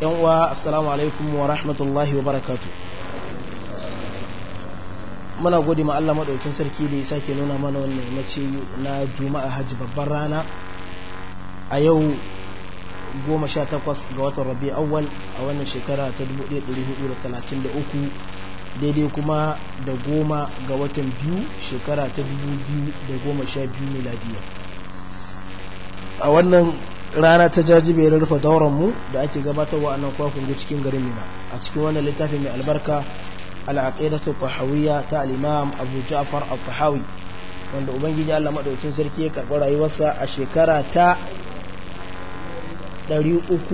yan uwa assalamu alaikum wa rahmatullahi wa barakatu muna gode ma Allah madaukin sarki da ya sake nuna mana wannan mace na juma'a hajji babbar rana a yau 18 ga watan rabi awwal a wannan shekara ta 1433 daidai kuma da goma ga watan biyu shekara ta 2012 miladiya a wannan rana ta jajibe da rufe dauran da ake gabatarwa a nan kwakwun da cikin garin mina a cikin wannan littafi mai albarka al'aqidatu tahawiyya ta alimam abu ja'far al-tahawi wanda ubangiji Allah maɗaukin sarki ya karɓi rayuwarsa a shekara ta 321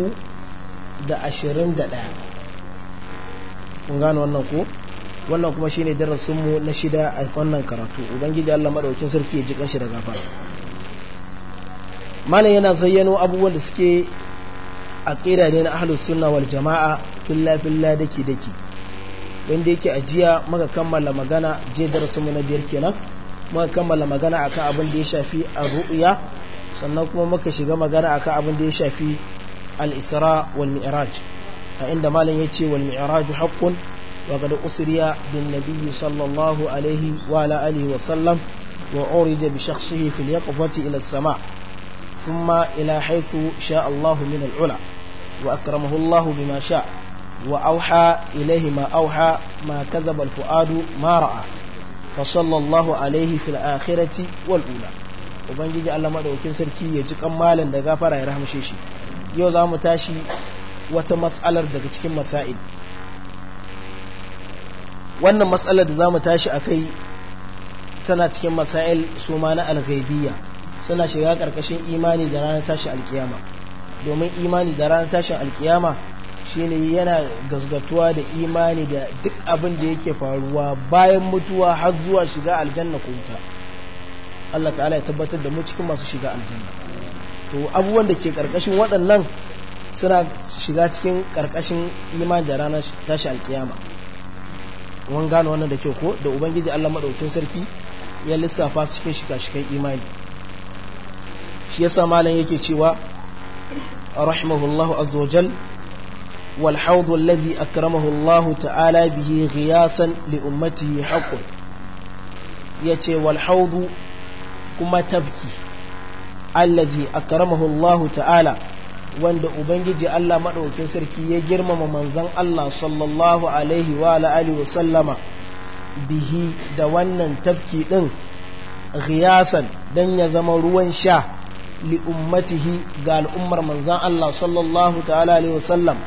kun gano wannan ko wannan kuma shine darasinmu na shida a wannan karatu ubangiji Allah maɗaukin sarki ya ji ƙanshi da gafara malam yana zayyano abubuwan da suke aqida ne na ahlus sunna wal jama'a filla filla daki daki wanda yake ajiya muka kammala magana je darasin mu na biyar kenan muka kammala magana akan abin da ya shafi ar-ru'ya sannan kuma muka shiga magana akan abin da ya shafi al-isra wal mi'raj a inda malam yace wal mi'raj haqqun wa qad usriya bin nabiy sallallahu alaihi wa ala alihi wa sallam wa urija bi shakhsihi fil yaqfati ila as-sama' ثم إلى حيث شاء الله من العلا وأكرمه الله بما شاء وأوحى إليه ما أوحى ما كذب الفؤاد ما رأى فصلى الله عليه في الآخرة والأولى ubangiji Allah madaukakin sarki ya ji malam da gafara ya rahamshe shi yau za mu tashi wata matsalar daga cikin masail wannan matsalar da za mu tashi a kai tana cikin masail su na suna shiga karkashin imani da ranar tashin alkiyama domin imani da ranar tashin alkiyama shine yana gasgatuwa da imani da duk abin da yake faruwa bayan mutuwa har zuwa shiga aljanna ko wuta Allah ta'ala ya tabbatar da mu cikin masu shiga aljanna to abubuwan da ke karkashin waɗannan suna shiga cikin karkashin imani da ranar tashi alkiyama mun gano wannan da kyau ko da ubangiji Allah madaukakin sarki ya lissafa cikin shika-shikan imani shi yasa malam yake cewa rahimahullahu azwajal wal hawd alladhi akramahu Allah ta'ala bihi ghiyasan li ummatihi haqqun yace wal hawd kuma tabki alladhi akramahu Allah ta'ala wanda ubangiji Allah madaukin sarki ya girmama manzon Allah sallallahu alaihi wa alihi wa sallama bihi da wannan tabki din ghiyasan dan ya zama ruwan sha li ummatihi ga al'ummar manzan Allah sallallahu ta'ala alaihi wasallam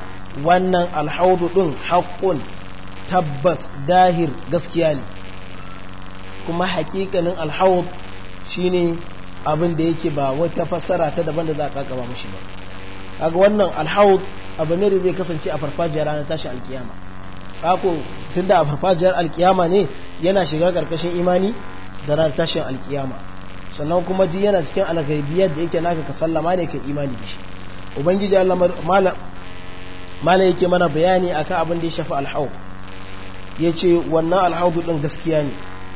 wannan alhaudu din haƙƙun tabbas dahir gaskiya ne kuma hakikanin alhaud shine abin da yake ba wata fassara ta daban da za a kakaba mushi ba kaga wannan alhaud abu ne da zai kasance a farfajiyar ranar tashi alkiyama kako tunda a farfajiyar alkiyama ne yana shiga karkashin imani da ranar tashin alkiyama sannan kuma ji yana cikin alghaibiyar da yake naka ka sallama ne ka imani da shi ubangiji Allah malam malam yake mana bayani akan abin da ya shafi ya yace wannan alhaud din gaskiya ne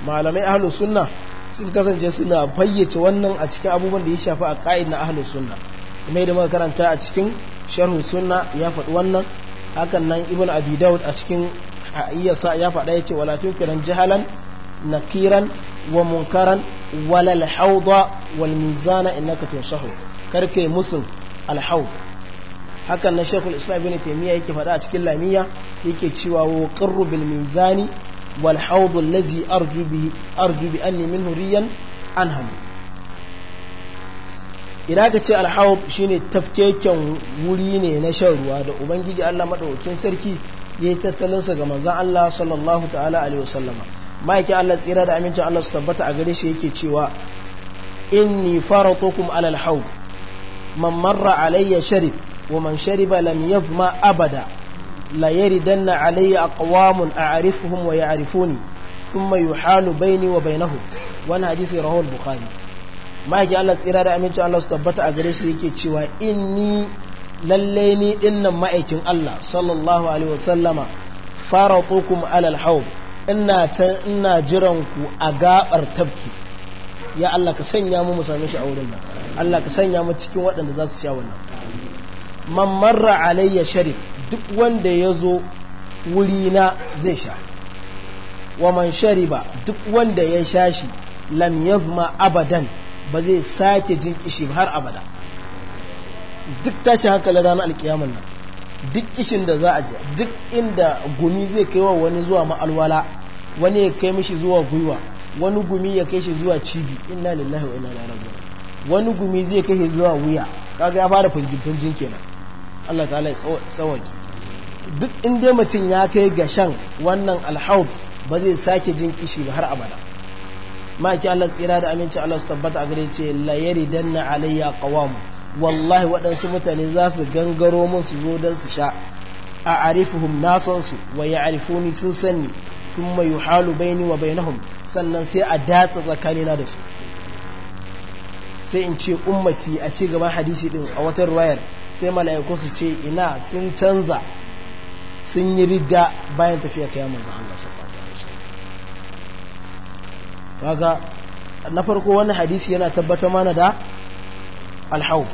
malamai ahlus sunna sun kasance suna fayyace wannan a cikin abubuwan da ya shafi a ƙa'id na ahlus sunna kuma idan muka karanta a cikin sharhu sunna ya faɗi wannan hakan nan ibnu abi daud a cikin ayyasa ya faɗa yace wala tukiran jahalan nakiran ومنكرا ولا الحوض والميزان إنك تنصحه كركي مسلم الحوض haka na shekul islam ibn taymiya yake faɗa a cikin lamiya yake cewa wa qarru bil mizani wal hawd allazi arju bi arju bi anni minhu riyan anham idan ka ce al hawd shine tafkeken wuri ne na shan ruwa da ubangiji Allah madaukakin sarki yayi tattalin sa ga manzon Allah sallallahu ta'ala alaihi wasallama ma'aikin Allah tsira da amincin Allah su tabbata a gare shi yake cewa inni faratukum alal haud man marra alayya sharib wa man shariba lam yadhma abada la yaridanna alayya aqwamun a'rifuhum wa ya'rifuni thumma yuhalu baini wa bainahum wannan hadisi rawahu bukhari ma'aikin Allah tsira da amincin Allah su tabbata a gare shi yake cewa inni lalle ni dinnan ma'aikin Allah sallallahu alaihi wasallama faratukum alal haud ina can ina jiran ku a gabar tafki ya Allah ka sanya mu mu shi a wurin nan Allah ka sanya mu cikin waɗanda za su sha wannan man marra alayya sharif duk wanda ya zo wuri na zai sha wa man shariba duk wanda ya sha shi lam yazma abadan ba zai sake jin kishi har abada duk tashi hankali ranar alkiyamar nan duk kishin da za a ji duk inda gumi zai kai wa wani zuwa ma'alwala wani ya kai mishi zuwa gwiwa wani gumi ya kai shi zuwa cibi inna lillahi wa inna ilaihi wani gumi zai kai shi zuwa wuya kaga ya fara finjin kenan Allah ta'ala ya tsawaki duk inda mutum ya kai ga shan wannan alhaub ba zai sake jin kishi ba har abada maki Allah tsira da aminci Allah su tabbata a gare ce la danna alayya qawam wallahi waɗansu mutane za su gangaro min su zo don su sha a arifuhum na son su wa ya arifuni sun sani sun mai halu baini wa bainahum sannan sai a datsa tsakanina da su sai in ce ummati a ci gaban hadisi din a wata ruwayar sai mala'iku su ce ina sun canza sun yi ridda bayan tafiya ta yamma zan Allah na farko wannan hadisi yana tabbatar mana da alhauf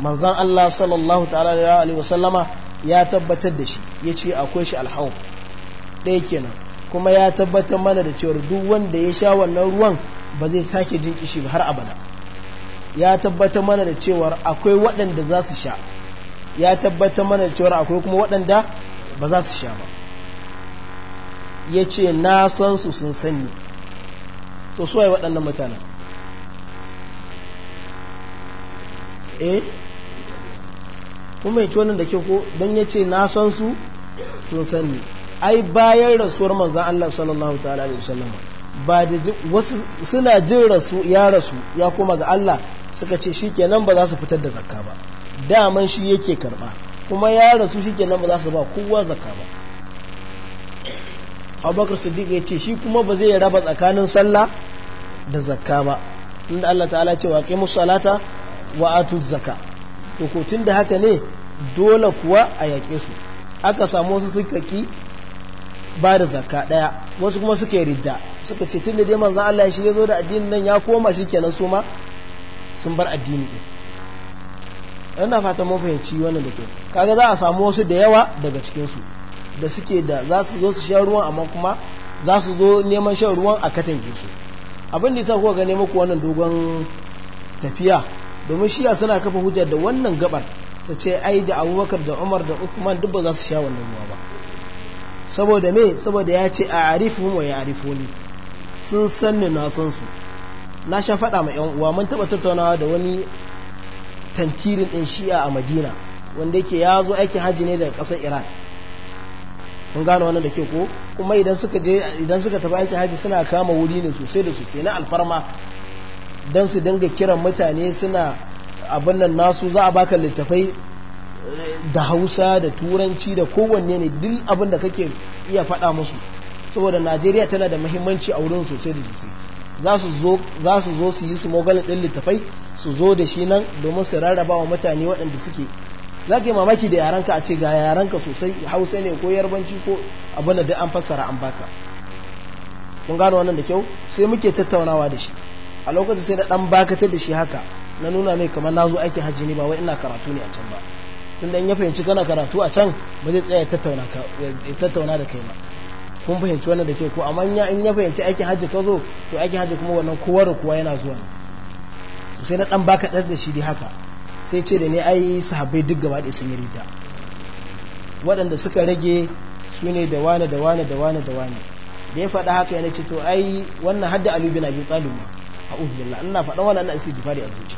manzan Allah sallallahu ta'ala alaihi wasallama ya tabbatar da shi ya ce akwai shi alhauf ɗaya kenan kuma ya tabbatar mana da cewar duk wanda ya sha wannan ruwan ba zai sake jin kishi ba har abada ya tabbatar mana da cewar akwai waɗanda za su sha ya tabbatar mana da cewar akwai kuma waɗanda ba za su sha ba ya ce na san su sun sani to suwaye waɗannan mutanen eh kuma ya ci wannan da ke ko don ya ce na san su sun sani ai bayan rasuwar manzan Allah sallallahu ta'ala ya sallama ba da wasu suna jin rasu ya rasu ya kuma ga Allah suka ce shi nan ba za su fitar da zakka ba daman shi yake karba kuma ya rasu shi nan ba za su ba kowa zakka ba Abubakar Siddiq ya ce shi kuma ba zai raba tsakanin sallah da zakka ba inda Allah ta'ala ce wa qimus salata wa atu zaka to ko da haka ne dole kuwa a yaƙe su aka samu wasu suka ki ba da zaka daya wasu kuma suka yi ridda suka ce tunda dai manzan Allah shi ya zo da addinin nan ya koma shi kenan su ma sun bar addini ɗin yana fatan mun fahimci wannan da ke kaga za a samu wasu da yawa daga cikinsu da suke da za su zo su shan ruwan amma kuma za su zo neman shan ruwan a katangin su abin da yasa kuka ga ne ku wannan dogon tafiya domin shiya suna kafa hujja da wannan gabar su ce ai da abubakar da umar da usman duk ba za su sha wannan ruwa ba saboda me saboda ya ce a arifuhum wa ya arifuni sun sanni na san su na sha faɗa ma yan uwa mun taɓa tattaunawa da wani tankirin din shi'a a madina wanda yake ya zo aikin haji ne daga ƙasar iran kun gano wannan da ke ko kuma idan suka je idan suka tafi aikin haji suna kama wuri ne sosai da sosai na alfarma don su dinga kiran mutane suna abin nan nasu za a baka littafai eh, da hausa da turanci da kowanne ne duk abin da kake iya faɗa musu saboda najeriya tana da muhimmanci a wurin sosai da sosai za su zo su yi su mogalin ɗin littafai su zo da shi nan domin su rarraba wa mutane waɗanda suke za ka yi mamaki da yarenka a ce ga yarenka sosai hausa ne ko yarbanci ko abin da an fassara an baka kun gano wannan da kyau sai muke tattaunawa da shi a lokacin sai da dan bakatar da shi haka na nuna mai kamar na zo aikin hajji ne ba wai ina karatu ne a can ba tun in ya fahimci kana karatu a can ba zai tsaya ya tattauna da kai ba kun fahimci wannan da ke ko amma in ya fahimci aikin hajji ka zo to aikin hajji kuma wannan kowa da kowa yana zuwa sai na dan bakatar da shi dai haka sai ce da ne ai sahabbai duk gaba ɗaya sun yi rita waɗanda suka rage su ne da wane da wane da wane da wane da ya faɗa haka yana ce to ai wannan hadda alubi na biyu tsalu a'udhu na ina faɗa wannan ina istighfari a zuci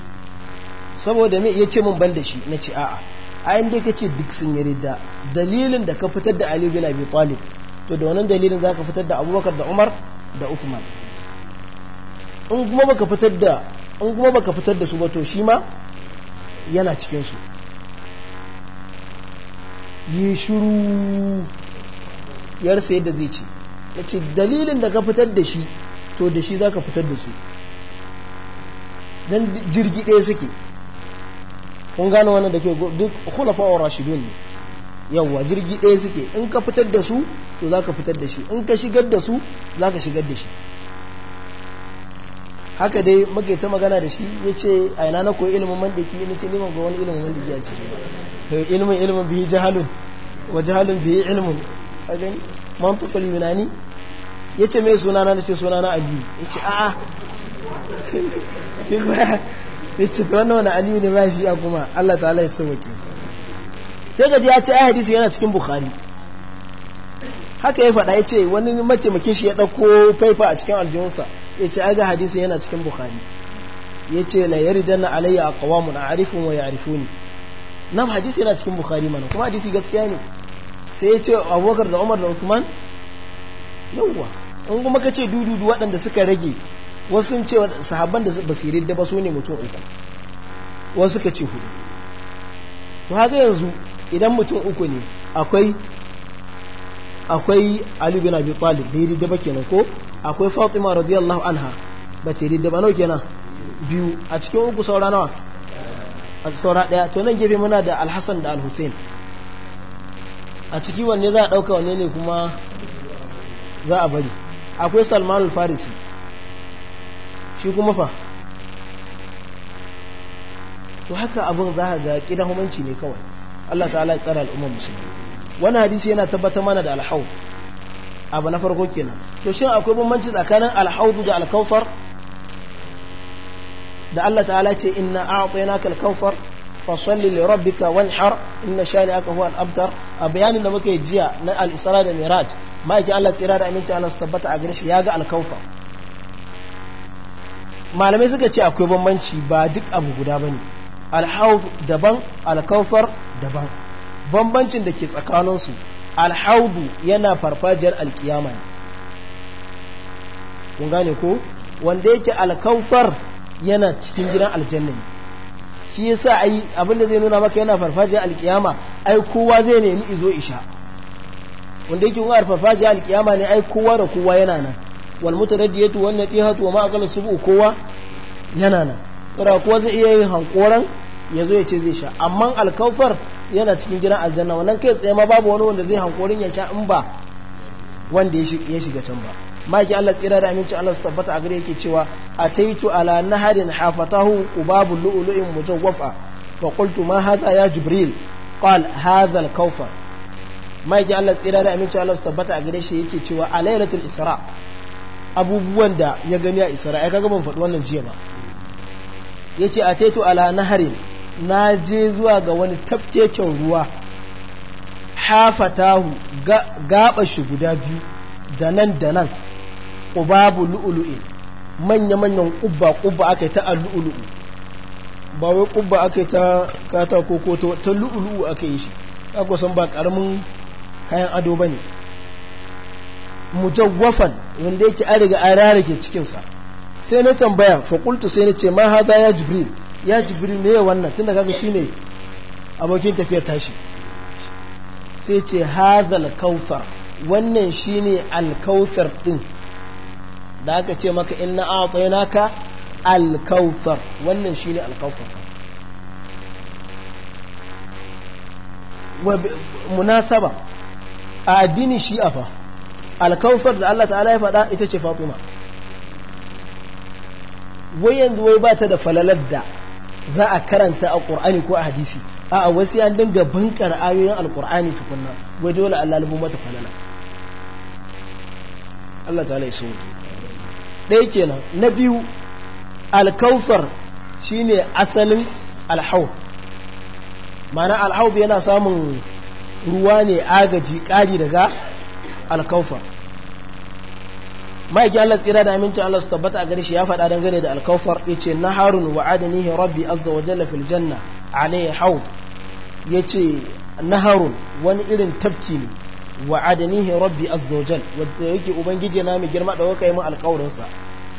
saboda me ce mun ban da shi ce a'a ayin ka kace duk sun yi ridda dalilin da ka fitar da Ali bin Abi Talib to da wannan dalilin zaka fitar da Abubakar da Umar da Usman. in kuma baka fitar da in kuma baka fitar da su ba to shi ma yana cikin su yi shiru yarsa yadda zai ce yace dalilin da ka fitar da shi to da shi za ka fitar da su dan jirgi ɗaya suke kun gane wannan da ke duk wa rashidun ne yawwa jirgi ɗaya suke in ka fitar da su to za ka fitar da shi in ka shigar da su za ka shigar da shi haka dai muke ta magana da shi ya ce a ina na koyi ilimin mandaki ya ce neman ga wani ilimin mandaki ya ce ilimin ilimin bihi jahalun wa jahalun bihi ilimin a gani mantukul yunani ya ce mai sunana na ce sunana abu ya ce a'a shi kuma ya ce ta wannan wani aliyu ne ba shi kuma Allah ta'ala ya sauwake sai gaji ya ce ai hadisi yana cikin bukhari haka ya faɗa ya ce wani mataimakin shi ya ɗauko faifa a cikin aljihunsa ya ce aga hadisi yana cikin bukhari ya ce la yarjanna alayya na arifin wa ya ne nan hadisi yana cikin bukhari mana kuma hadisi gaskiya ne sai ya ce abubakar da umar da usman yawwa in kuma ka ce dududu waɗanda suka rage wasu sun ce sahabban da ba su yarda ba su ne mutum uku wasu ka ce hudu to haka yanzu idan mutum uku ne akwai akwai Ali bin Abi Talib da yarda ba kenan ko akwai Fatima radiyallahu anha ba ta yarda ba nawa kenan biyu a cikin uku saura nawa saura daya to nan gefe muna da Alhassan da al a ciki wanne za a dauka wanne ne kuma za a bari akwai Salman al-Farisi shi kuma fa to haka abin za ga kidan humanci ne kawai Allah ta'ala ya tsara al'ummar musulmi wani hadisi yana tabbatar mana da alhaud abu na farko kenan to shin akwai bambanci tsakanin alhaud da alkaufar da Allah ta'ala ce inna a'tainaka alkaufar fasalli li rabbika wanhar inna aka huwa al-abtar a bayanin da muka yi jiya na al-isra da miraj ma'aikin Allah tsira da aminci Allah su tabbata a gare shi ya ga alkaufar malamai suka ce akwai bambanci ba duk abu guda bane alhaud daban alkaufar daban bambancin da ke tsakaninsu alhaudu yana farfajiyar alkiyama ne kun gane ko wanda yake alkaufar yana cikin gidan aljanna ne shi yasa ai da zai nuna maka yana farfajiyar alkiyama ai kowa zai nemi izo isha wanda yake kun farfajiyar alkiyama ne ai kowa da kowa yana nan wal mutaraddiyatu wan natihatu wa ma aqala subu kowa yana nan tsara kowa zai iya yin hankoran ya zo ya ce zai sha amma alkaufar yana cikin gidan aljanna wannan kai tsaye ma babu wani wanda zai hankorin ya sha in ba wanda ya shiga can ba maki Allah tsira da aminci Allah su tabbata a gare yake cewa ataitu ala naharin hafatahu ubabul lu'lu'in mujawwafa fa qultu ma hadha ya jibril qal hadha al-kawfar maki Allah tsira da aminci Allah su tabbata a gare shi yake cewa a isra' abubuwan da ya gani a isra'ila kaga ban faɗi wannan jiya ba ya ce a taito ala hari na je zuwa ga wani tafkeken ruwa hafatahu gaɓa shi guda biyu da nan da nan ƙubabu lu'ulu'in manya-manyan ƙubba-ƙubba aka yi ta lu'ulu'u ba wai ƙubba aka yi ta katako ko ta lu'ulu'u aka yi shi ya kusan ba ƙaramin kayan ado ba ne mujawwafan wanda yake an riga an cikin cikinsa sai na tambaya fakultu sai na ce ma haza ya jibril ya jibril ne wannan tun da kaga shi ne abokin tafiyar tashi sai ce haza alkautar wannan shi ne alkautar ɗin da aka ce maka in na a naka alkautar wannan shi ne alkautar munasaba a shi a fa alkawfar da Allah ta'ala ya faɗa ita ce fatima wai yanzu wai ba ta da falalar da za a karanta a ƙur'ani ko a hadisi a wasu an dinga bankar ayoyin alƙur'ani tukunna wai dole Allah lubu mata falala Allah ta'ala ya sauke ɗaya kenan na biyu alkawfar shine asalin alhaut ma'ana alhaut yana samun ruwa ne agaji ƙari daga alkaufar ma'aikin Allah tsira da aminci Allah su tabbata a gari shi ya faɗa dangane da alkaufar ya ce na harun wa adanihi rabbi azza wa jalla fil janna alayhi ya ce na harun wani irin tafki ne wa adanihi rabbi azza wa jalla yake ubangiji na mai girma da wakai yi alkaurin alkawarinsa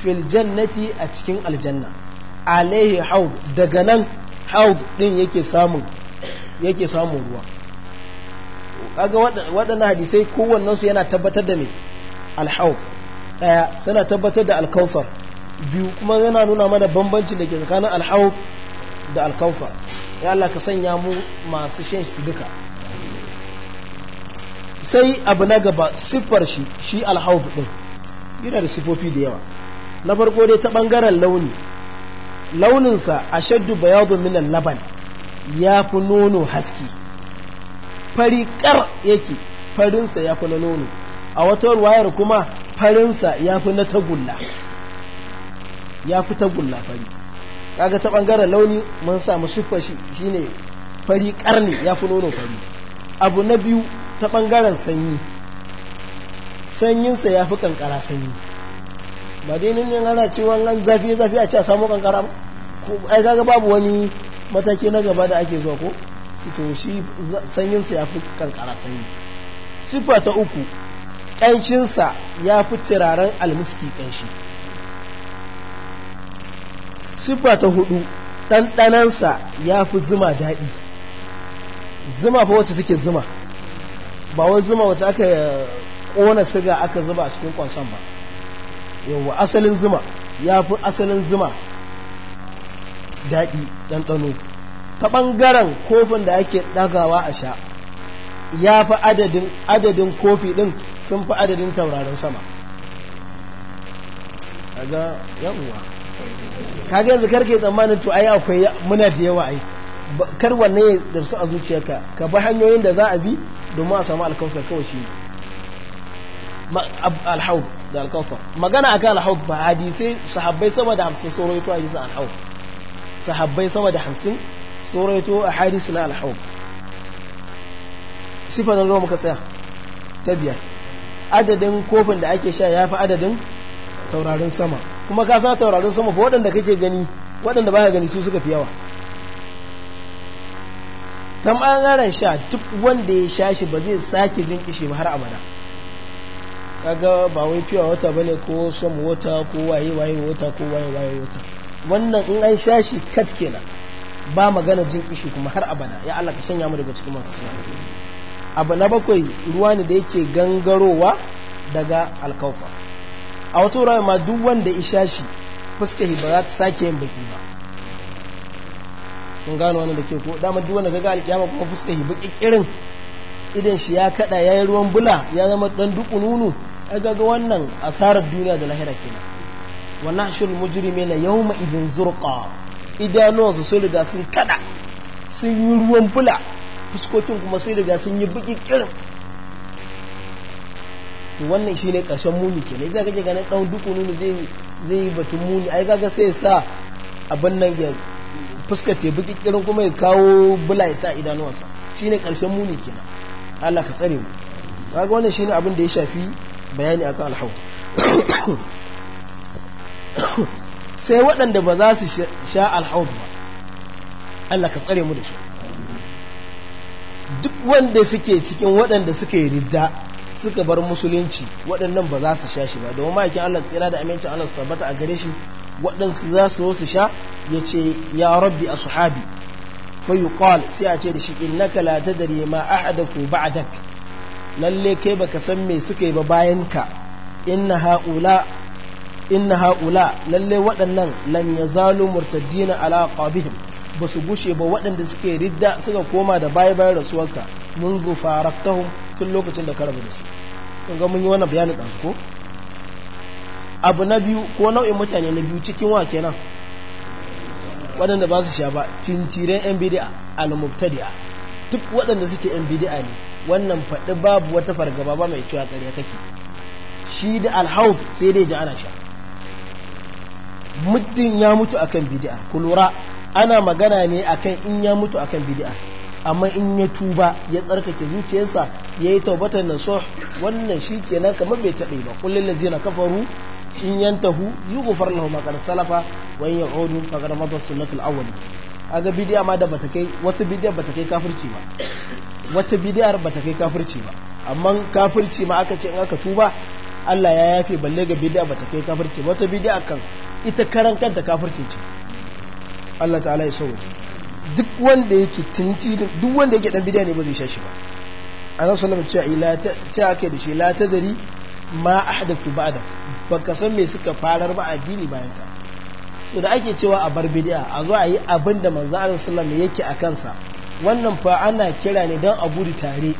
fil jannati a cikin aljanna alaihi haud daga nan haud din yake samun yake samun ruwa kaga waɗannan hadisai kowannen su yana tabbatar da me alhauf daya suna tabbatar da alkaufar biyu kuma yana nuna mana bambancin da ke tsakanin alhauf da alkaufar ya Allah ka sanya mu masu shan shi duka sai abu na gaba siffar shi shi alhauf ɗin yana da sifofi da yawa na farko dai ta bangaren launi launinsa ashaddu bayadun minan laban ya fi nono haske fariƙar yake farinsa ya fi na nono a wata wayar kuma farinsa ya fi na tagulla ya fi tagulla fari kaga ta ɓangaren launi mun samu siffar shi ne fari ne ya fi nono fari abu na biyu ta ɓangaren sanyi sanyinsa ya fi kankara sanyi ba dai nan ana cewa an zafi zafi a ce a samu kankara ai kaga babu wani mataki na gaba da ake zuwa ko to shi sanyinsa ya fi kankara sanyi sifa ta uku ƙanshinsa ya fi turaren almiski ƙanshi sifa ta hudu ɗanɗanansa ya fi zuma daɗi zuma fa wacce take zuma ba wai zuma wacce aka ƙona siga aka zuba a cikin ƙwansan ba yawwa asalin zuma ya fi asalin zuma daɗi ɗanɗano ta ɓangaren kofin da ake ɗagawa a sha ya fi adadin kofi ɗin sun fi adadin taurarin sama kaga yawwa kaga yanzu karke tsammanin to ai akwai muna da yawa ai kar wanne ya darsu a zuciyarka ka bi hanyoyin da za a bi domin a samu alkawfar kawai shi alhaud da alkawfar magana akan alhaud ba hadisai sahabbai sama da hamsin sun ya a yi sa alhaud sahabbai sama da hamsin tsoraito a hadisi na alhaub sifa na zo muka tsaya ta biyar adadin kofin da ake sha ya fi adadin taurarin sama kuma ka sa taurarin sama fa waɗanda kake gani waɗanda baya gani su suka fi yawa ta ɓangaren sha duk wanda ya sha shi ba zai sake jin kishi ba har abada kaga ba wai fiya wata bane ko shan wata ko waye waye wata ko waye waye wata wannan in an sha shi kat kenan ba magana jin kishi kuma har abada ya Allah ka sanya mu daga cikin masu suna abu na bakwai ruwa ne da yake gangarowa daga alkaufa a wata wurare ma duk wanda isha shi fuska ba za ta sake yin baki ba kun gano wani da ke ko dama duk wanda gaga alkiyama kuma fuskar baki kirin idan shi ya kada yi ruwan bula ya zama dan duku nunu ya ga wannan asarar duniya da lahira kenan wa nahshul mujrimina yawma idhin zurqa idanuwansu sun riga sun kada sun yi ruwan bula fuskokin kuma sun riga sun yi baki kirin wannan shi ne ƙarshen muni ke ne zai gaje ganin ɗan duk nuni zai yi batun muni ai kaga sai sa abin nan ya fuskace baki kirin kuma ya kawo bula ya sa idanuwansa shi ne ƙarshen muni ke nan Allah ka tsare mu kaga wannan shi ne abin da ya shafi bayani akan alhau sai waɗanda ba za su sha alhaud ba Allah ka tsare mu da shi duk wanda suke cikin waɗanda suka yi ridda suka bar musulunci waɗannan ba za su sha shi ba domin ma'aikin Allah tsira da amincin Allah su tabbata a gare shi waɗansu za su su sha ya ce ya rabbi a suhabi fayu kwal sai a ce da shi innaka la tadri ma ahadathu dak lalle kai baka san me suka yi ba bayan ka inna haula inna haula lalle waɗannan lam yazalu murtaddina ala qabihim ba su gushe ba waɗanda suke ridda suka koma da baya bayan rasuwarka mun gufaraktahum tun lokacin da ka rabu da su kun ga mun yi wannan bayanin ɗan ko abu na biyu ko nau'in mutane na biyu cikin wa kenan waɗanda ba su sha ba tintiren yan bidi'a al duk waɗanda suke yan bidi'a ne wannan faɗi babu wata fargaba ba mai cewa ƙarya kake shi da alhauf sai dai ji ana sha muddin ya mutu akan bid'a ku ana magana ne akan in ya mutu akan bid'a amma in ya tuba ya tsarkake zuciyarsa ya yi taubatar nasuh wannan shi kenan kamar bai taɓe ba kullum lazina kafaru in yantahu yughfar lahu ma qad salafa wa in ya'udu faqad madda sunnatul a ga bidiyar ma da bata kai wata bidiyar bata kai kafirci ba wata bata kai kafirci ba amma kafirci ma aka ce in aka tuba Allah ya yafe balle ga ba bata kai kafirci wata bidiyar kan ita karan kanta kafirce ce Allah ta'ala ya sauke duk wanda yake tunci duk wanda yake dan bidiya ne ba zai sha shi ba annabi sallallahu alaihi wasallam ce ce ake da shi la tadri ma ahdathu ba'da baka san me suka farar ba addini bayan ka so da ake cewa a bar bidiya a zo a yi abin da manzo Allah sallallahu alaihi yake a kansa wannan fa ana kira ne don a gudu tare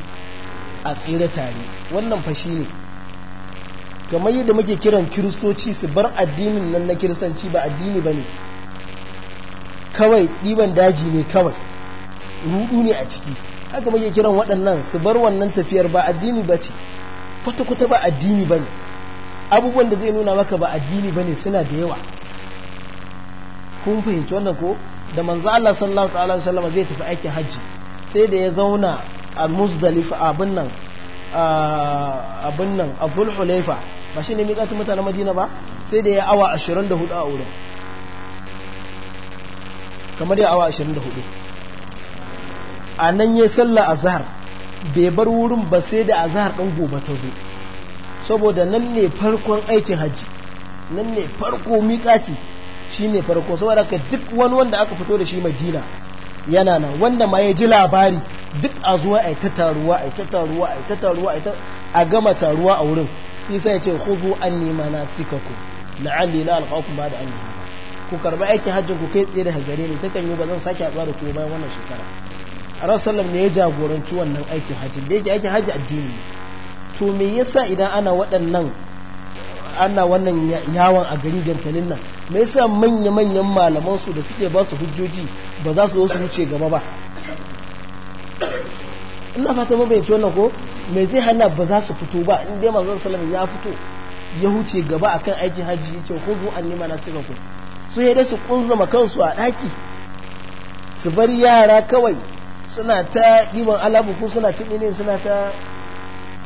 a tsira tare wannan fa shine kamar yadda muke kiran kiristoci su bar addinin nan na kiristanci ba addini ba ne kawai ɗiban daji ne kawai rudu ne a ciki haka muke kiran waɗannan su bar wannan tafiyar ba addini ba ce kwata-kwata ba addini ba ne abubuwan da zai nuna maka ba addini ba ne suna da yawa kun fahimci wannan ko da manzo Allah sallallahu alaihi wasallam zai tafi aikin hajji sai da ya zauna a muzdalifa abin nan abin nan a hulaifa ba shi ne miƙatun mutanen madina ba sai da ya awa 24 a wurin kamar ya awa 24 a nan ya salla a zahar bai bar wurin ba sai da a zahar ɗan gobe ta zo saboda nan ne farkon aikin hajji nan ne farko miƙaci shi ne farko saboda ka duk wani wanda aka fito da shi madina yana nan wanda ma ya ji labari duk a zuwa a yi ta taruwa a yi ta taruwa a yi ta taruwa a gama taruwa a wurin isa ya ce hudu an nima na sikaku la'alli ba da anni ku karba aikin hajjin ku kai tsaye da hagare ne ta kan yi ba zan sake haɗuwa da ku bayan wannan shekara a rasulullah ne ya jagoranci wannan aikin hajjin da yake aikin hajji addini to me yasa idan ana waɗannan ana wannan yawon a gari gantalin nan me yasa manya-manyan malaman su da suke ba su hujjoji ba za su zo su wuce gaba ba ina fata mabayyanci wannan ko mai zai hana ba za su fito ba in dai manzon sallallahu ya fito ya huce gaba akan aikin hajji yace khudhu anni manasikakum su ya dai su kunzuma kansu a daki su bar yara kawai suna ta ɗiban alabu ko suna ta ne suna ta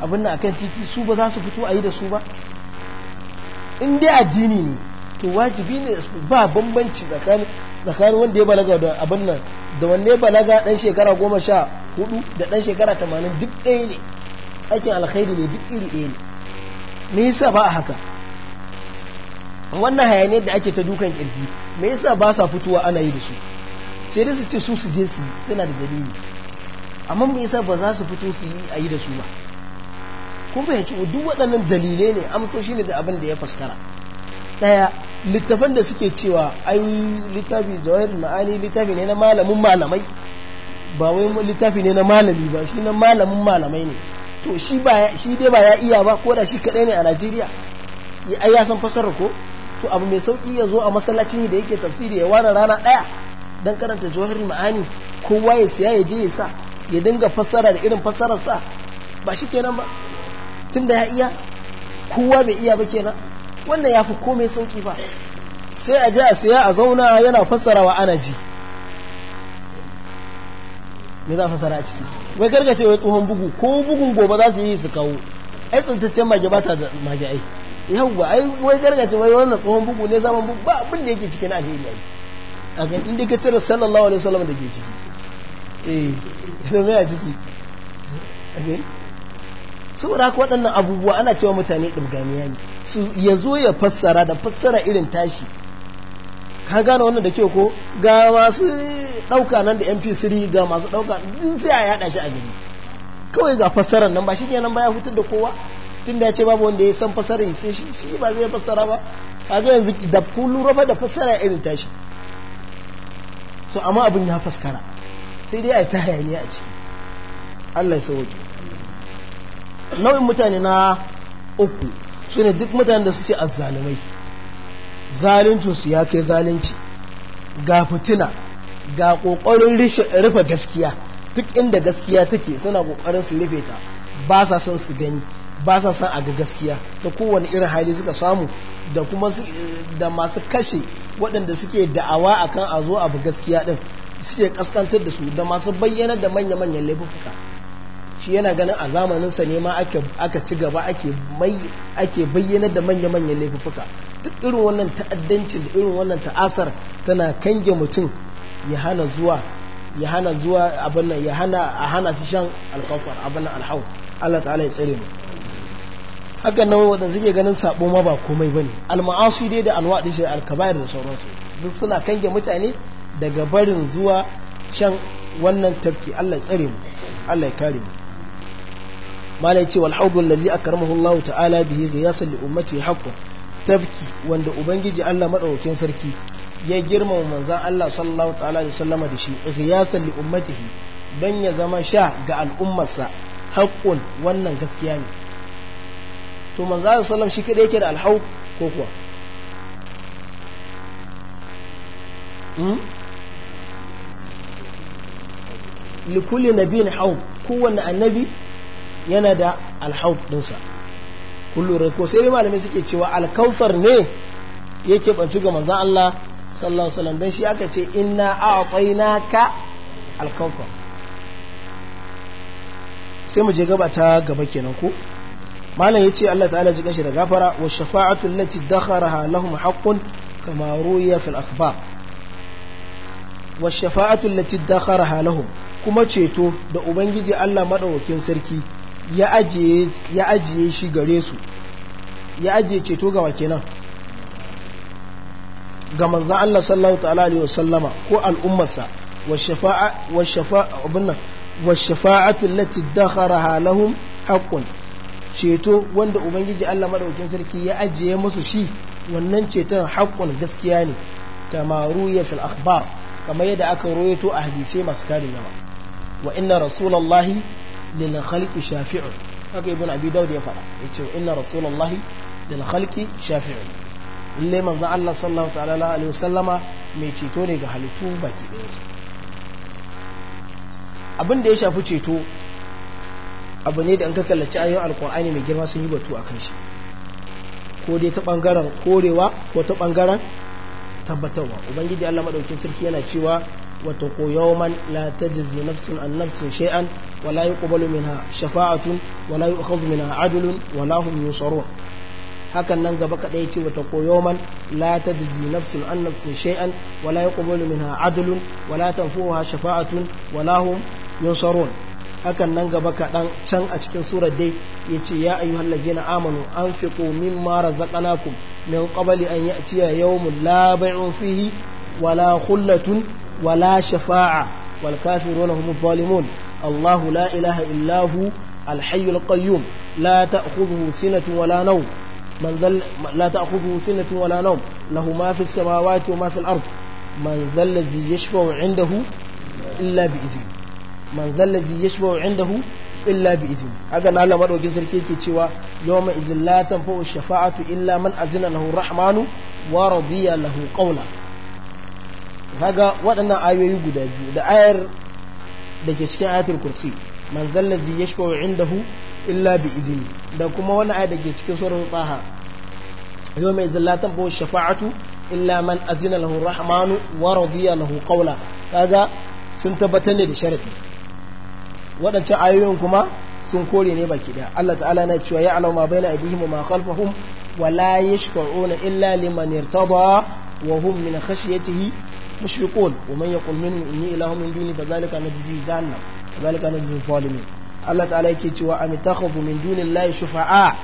abin nan akan titi su ba za su fito a yi da su ba in dai addini ne to wajibi ne ba bambanci tsakanin wanda ya balaga da abin nan da wanne balaga dan shekara goma sha hudu da dan shekara tamanin duk ɗaya ne aikin alkhairi ne duk iri ɗaya ne me yasa ba a haka wannan hayaniyar da ake ta dukan kirji me yasa ba sa fitowa ana yi da su sai dai su ce su su je su suna da dalili amma me yasa ba za su fito su yi a yi da su ba kun fahimci duk waɗannan dalilai ne amsoshi ne da abin da ya faskara Taya littafan da suke cewa ai littafi jawahir ma'ani littafi ne na malamin malamai ba wai littafi ne na malami ba shi na malamin malamai ne to shi ba shi dai ba ya iya ba ko da shi kadai ne a Najeriya ai ya san fasarar ko to abu mai sauki ya zo a masallacin da yake tafsiri ya ware rana daya dan karanta johari ma'ani kowa ya siya ya je ya sa ya dinga fassara da irin fassarar sa ba shi kenan ba tunda ya iya kowa bai iya ba kenan wannan yafi komai sauki ba sai a je a siya a zauna yana fasarawa ana ji me za a a ciki wai gargace wai tsohon bugu ko bugun gobe za su yi su kawo ai tsintaccen mage ba ta mage ai yawwa ai wai gargace wai wannan tsohon bugu ne zaman bugu ba abin da yake cikin alheri ai a ga inda ka cire sallallahu alaihi wasallam da ke ciki eh to me ciki okay saboda haka waɗannan abubuwa ana cewa mutane ɗirganiya ne su ya zo ya fassara da fassara irin tashi ka gane wannan da ke ko ga masu ɗauka nan da mp3 ga masu ɗauka din sai a yaɗa shi a gani kawai ga fassarar nan ba shi kenan ba ya hutar da kowa tun da ya ce babu wanda ya san fassarar sai shi shi ba zai fassara ba ga yanzu da kullu raba da fassara irin tashi so amma abin ya faskara sai dai a yi ta hayaniya a ciki Allah ya sauke nau'in mutane na uku shine duk mutanen da suke azzalumai su ya kai zalunci ga fitina ga ƙoƙarin rufe gaskiya duk inda gaskiya take suna ƙoƙarin su rufe ta ba sa son su gani ba sa son a ga gaskiya da kowane irin hali suka samu da kuma da masu kashe waɗanda suke da'awa akan a zo abu gaskiya ɗin suke kaskantar da su da masu bayyana da manya-manyan laifuka shi yana ganin a zamaninsa ne ma aka ci gaba ake bayyana da manya-manyan laifuka duk irin wannan ta'addancin da irin wannan ta'asar tana kange mutum ya hana zuwa ya hana zuwa abin nan ya hana a hana su shan alkafar abin nan alhau Allah ta'ala ya tsare mu haka nan wadanda suke ganin sabo ma ba komai bane alma'asu dai da anwa din shi alkabair da sauransu duk suna kange mutane daga barin zuwa shan wannan tafki Allah ya tsare mu Allah ya kare mu malai ce wal hawdul ladzi akramahu Allah ta'ala bihi ghiyasan li ummati haqqan tafki wanda ubangiji Allah madaukakin sarki ya girmama manzon Allah sallallahu ta'ala alaihi wasallama da shi ghiyasan li ummatihi dan ya zama sha ga al'ummarsa haƙƙun wannan gaskiya ne to manzon Allah sallallahu shi kada yake da alhau ko kuwa hmm? likulli nabiyin haub kowanne annabi yana da alhaub dinsa kullu ko sai dai malamai suke cewa alkautsar ne yake banci ga manzon Allah sallallahu alaihi wasallam dan shi aka ce inna a'tainaka alkautsar sai mu je gaba ta gaba kenan ko malam yace Allah ta'ala ji kashi da gafara wa shafa'atu allati dakharaha lahum haqqun kama ruya fil akhbar wa shafa'atu allati dakharaha lahum kuma ceto da ubangiji Allah madaukakin sarki ya ajiye shi gare su ya ajiye ceto ga wake nan ga manzan Allah sallallahu ta'ala alaihi wasallama ko al'ummarsa wa shafa'atu lati dakharaha lahum haqqun ceto wanda ubangiji Allah madaukin sarki ya ajiye musu shi wannan ceton haqqun gaskiya ne tamaru ya fil akhbar kamar yadda aka royato a hadisai masu tarin yawa wa inna rasulullahi lil shafi'un haka ibn abi daud ya fada yace inna rasulullahi lil khalqi shafi'un lalle manzo Allah sallallahu ta'ala alaihi wasallama mai ceto ne ga halittu baki ɗaya abin da ya shafi ceto abu ne da an ka kallaci ayoyin alkur'ani mai girma sun yi batu a kan shi ko dai ta bangaren korewa ko ta bangaren tabbatarwa ubangiji Allah Maɗaukin sarki yana cewa وتقوا يوما لا تجزي نفس عن نفس شيئا ولا يقبل منها شفاعة ولا يؤخذ منها عدل ولا هم ينصرون hakan nan gaba kaɗai ce wata koyoman la ta jizi nafsun an nafsun shay'an wala yuqbalu minha adlun wala tanfuha shafa'atun wala hum yunsarun hakan nan gaba kaɗan can a cikin surar dai ya ce ya ayyuhal na amanu anfiqu mimma razaqnakum min qabli an yi ya'tiya yawmun la labarin fihi wala khullatun ولا شفاعة والكافرون هم الظالمون الله لا إله إلا هو الحي القيوم لا تأخذه سنة ولا نوم من ذل لا تأخذه سنة ولا نوم له ما في السماوات وما في الأرض من ذا الذي يشفع عنده إلا بإذنه من ذا الذي يشفع عنده إلا بإذنه أقنا الله مدعو سركي كتوا يوم إذن لا تنفع الشفاعة إلا من أذن له الرحمن ورضي له قولا kaga waɗannan ayoyi guda biyu da ayar da ke cikin ayatul kursi man zallazi yashfa'u indahu illa bi idini da kuma wani ayar da ke cikin suratul taha yau mai zallatan shafa'atu illa man azina lahu rahmanu wa radiya lahu qawla kaga sun tabbatar ne da sharadi waɗancan ayoyin kuma sun kore ne baki daya Allah ta'ala na cewa ya alama baina aidihim ma khalfahum wa la yashfa'una illa liman irtada wa hum min khashyatihi مشفقون ومن يقول منهم اني اله من دوني فذلك نجزي جهنم وذلك نجزي الظالمين الله تعالى يكتوى ام اتخذوا من دون الله شفعاء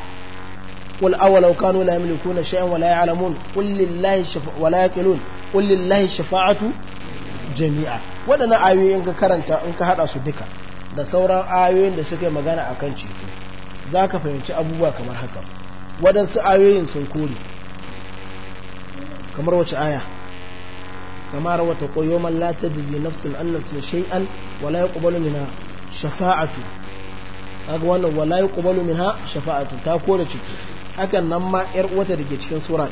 قل أولو كانوا لا يملكون شيئا ولا يعلمون قل لله شفع ولا يكلون قل لله الشفاعة جميعا ودنا ايوي ka karanta in ka haɗa su duka da sauran ayoyin da suka yi magana a kan ceto za ka fahimci abubuwa kamar haka waɗansu ayoyin sun kore kamar wace aya كما روى تقول يوما لا تجزي نفس عن نفس شيئا ولا يقبل منها شفاعة أقوال ولا يقبل منها شفاعة تقول شيء hakan nan ma yar uwata da ke cikin sura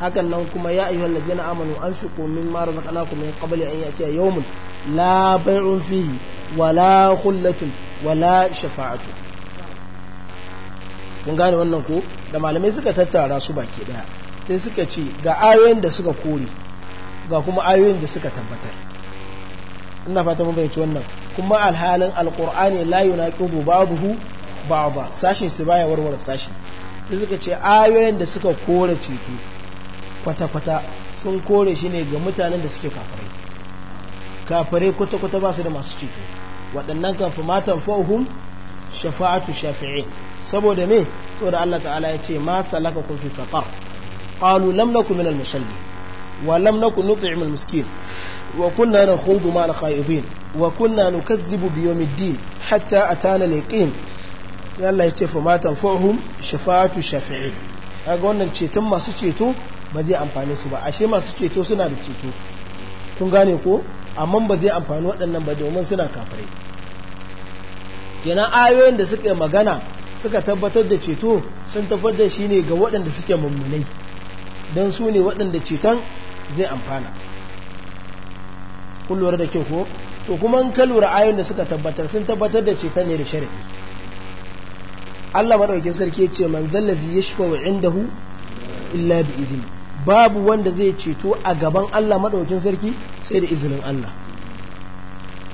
hakan nan kuma ya ayyuhal ladzina amanu anfiqu mimma razaqnakum min qabli an yatiya yawmun la bay'un fihi wala khullatun wala shafa'atu kun gane wannan ko da malamai suka tattara su baki daya sai suka ce ga ayoyin da suka kore ga kuma ayoyin da suka tabbatar ina fata mun bayyace wannan kuma alhalin alqur'ani la yunaqidu ba'dahu ba'dha sashi su baya warware sashi sai suka ce ayoyin da suka kore ceto kwata-kwata sun kore shi ne ga mutanen da suke kafare kafare kwata-kwata ba su da masu ceto waɗannan fa matan fa'uhun shafa'atu shafi'i saboda me saboda Allah ta'ala ya ce ma salaka kun fi saqar qalu lam nakum minal musallin ولم نكن نطعم المسكين وكنا نخوض مع الخائضين وكنا نكذب بيوم الدين حتى أتانا اليقين يلا يتف ما تنفعهم شفاعة الشافعين أقول أن تشيتم ما ceto ba zai سبا أشي ما ashe masu ceto كن da يقول أمم gane ko amma ba zai amfani كافري كنا آيوين دي سكي مغانا suka tabbatar da ceto sun tabbatar da shi ne ga waɗanda suke mummunai don su ne waɗanda ceton zai amfana kullum da ke ko to kuma in ka lura da suka tabbatar sun tabbatar da ceton ne da shari'i Allah madaukakin sarki ce man zallazi yashfa'u indahu illa bi izini babu wanda zai ceto a gaban Allah madaukakin sarki sai da izinin Allah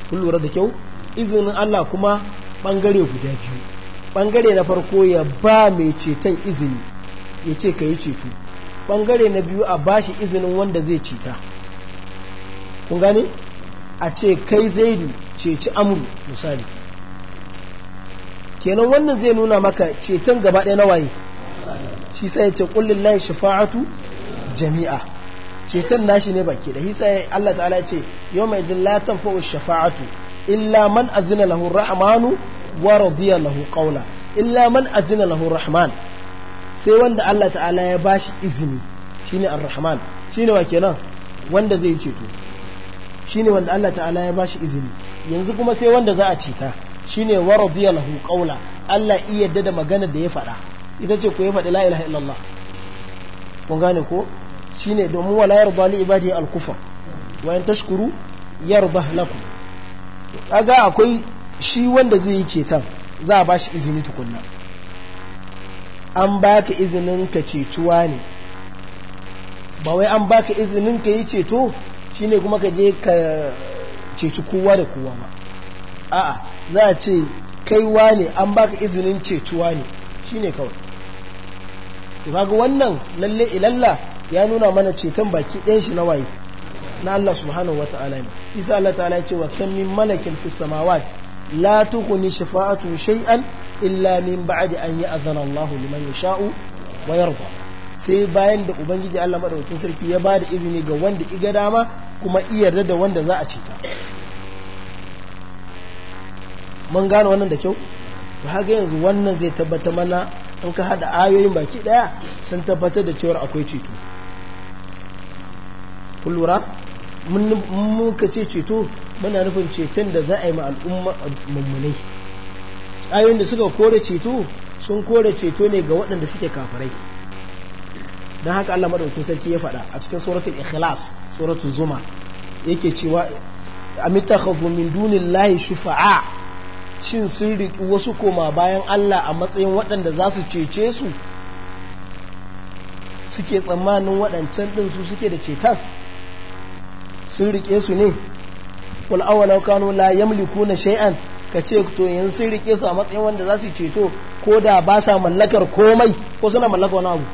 kun da kyau izinin Allah kuma ɓangare guda biyu ɓangare na farko ya ba mai ceton izini ya ce ka yi ceto bangare na biyu a bashi izinin wanda zai cita kun gani. a ce kai zaidu ceci amru misali kenan wannan zai nuna maka ceton gaba ɗaya na waye shi sai ce kullin layi shafa'atu jami'a ceton nashi ne baki da hisa ya Allah ta'ala ce yau mai la latan fa'o shafa'atu illa man azina lahu rahmanu wa radiya lahu qawla illa man azina lahu rahman sai wanda Allah ta'ala ya bashi izini shine ar-rahman shine wa nan wanda zai ceto shine wanda Allah ta'ala ya bashi izini yanzu kuma sai wanda za a shi shine wa radiya lahu qawla Allah iya yadda da maganar da ya faɗa ita ce ko ya faɗi la ilaha illallah kun gane ko ne domin wala yarda li ibadi al kufa wa in tashkuru yarda lakum kaga akwai shi wanda zai yi cetan za a bashi izini tukunna an baka izinin ka cetuwa ne ba wai an baka izinin ka yi ceto shine kuma ka je ka ceci kowa da kowa ba a'a za a ce kaiwa ne an baka izinin cetuwa ne shine kawai to kaga wannan lalle ilalla ya nuna mana ceton baki ɗayan shi na waye na Allah subhanahu wata'ala ne isa Allah ta'ala ya ce wa kan min malakin fis samawati la tughni shafa'atu shay'an illa min ba'di an ya'zana Allah liman yasha'u wa sai bayan da ubangiji Allah madaukakin sarki ya bada izini ga wanda iga dama kuma iyarda da wanda za a ceta mun gane wannan da kyau to haka yanzu wannan zai tabbata mana in ka hada ayoyin baki daya sun tabbatar da cewa akwai ceto kun lura mun ce ceto muna nufin ceton da za a yi ma al'umma mummunai ayoyin da suka kore ceto sun kore ceto ne ga waɗanda suke kafirai don haka Allah madaukakin sarki ya faɗa a cikin suratul ikhlas suratul zuma yake cewa amitakhafu min dunillahi shufa'a shin sun riƙi wasu koma bayan Allah a matsayin waɗanda za su cece su suke tsammanin waɗancan ɗinsu suke da cetan sun rike su ne wal awwalu kanu la yamlikuna shay'an ka ce to yanzu sun rike su a matsayin wanda za su ceto ko da ba sa mallakar komai ko suna mallaka wani abu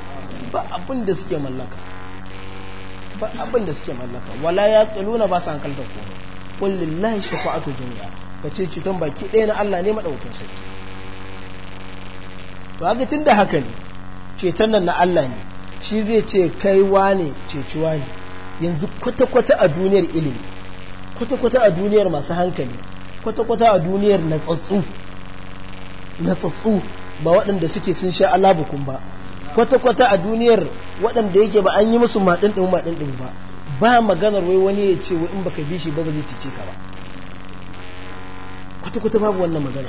ba abin da suke mallaka ba abin da suke mallaka wala ya tsaluna ba sa hankalta komai qul lillahi shafa'atu dunya ka ce ceton baki ɗaya na Allah ne madaukakin sarki to haka tunda haka ne ceton nan na Allah ne shi zai ce kai wane ceciwa ne yanzu kwata-kwata a duniyar ilimi kwata-kwata a duniyar masu hankali kwata-kwata a duniyar natsatsu ba waɗanda suke sun sha alabukun ba kwata-kwata a duniyar waɗanda yake ba an yi musu maɗinɗin maɗinɗin ba ba maganar wai wani ya ce in baka bi shi ba ba zai cice ka ba kwata-kwata babu wannan magana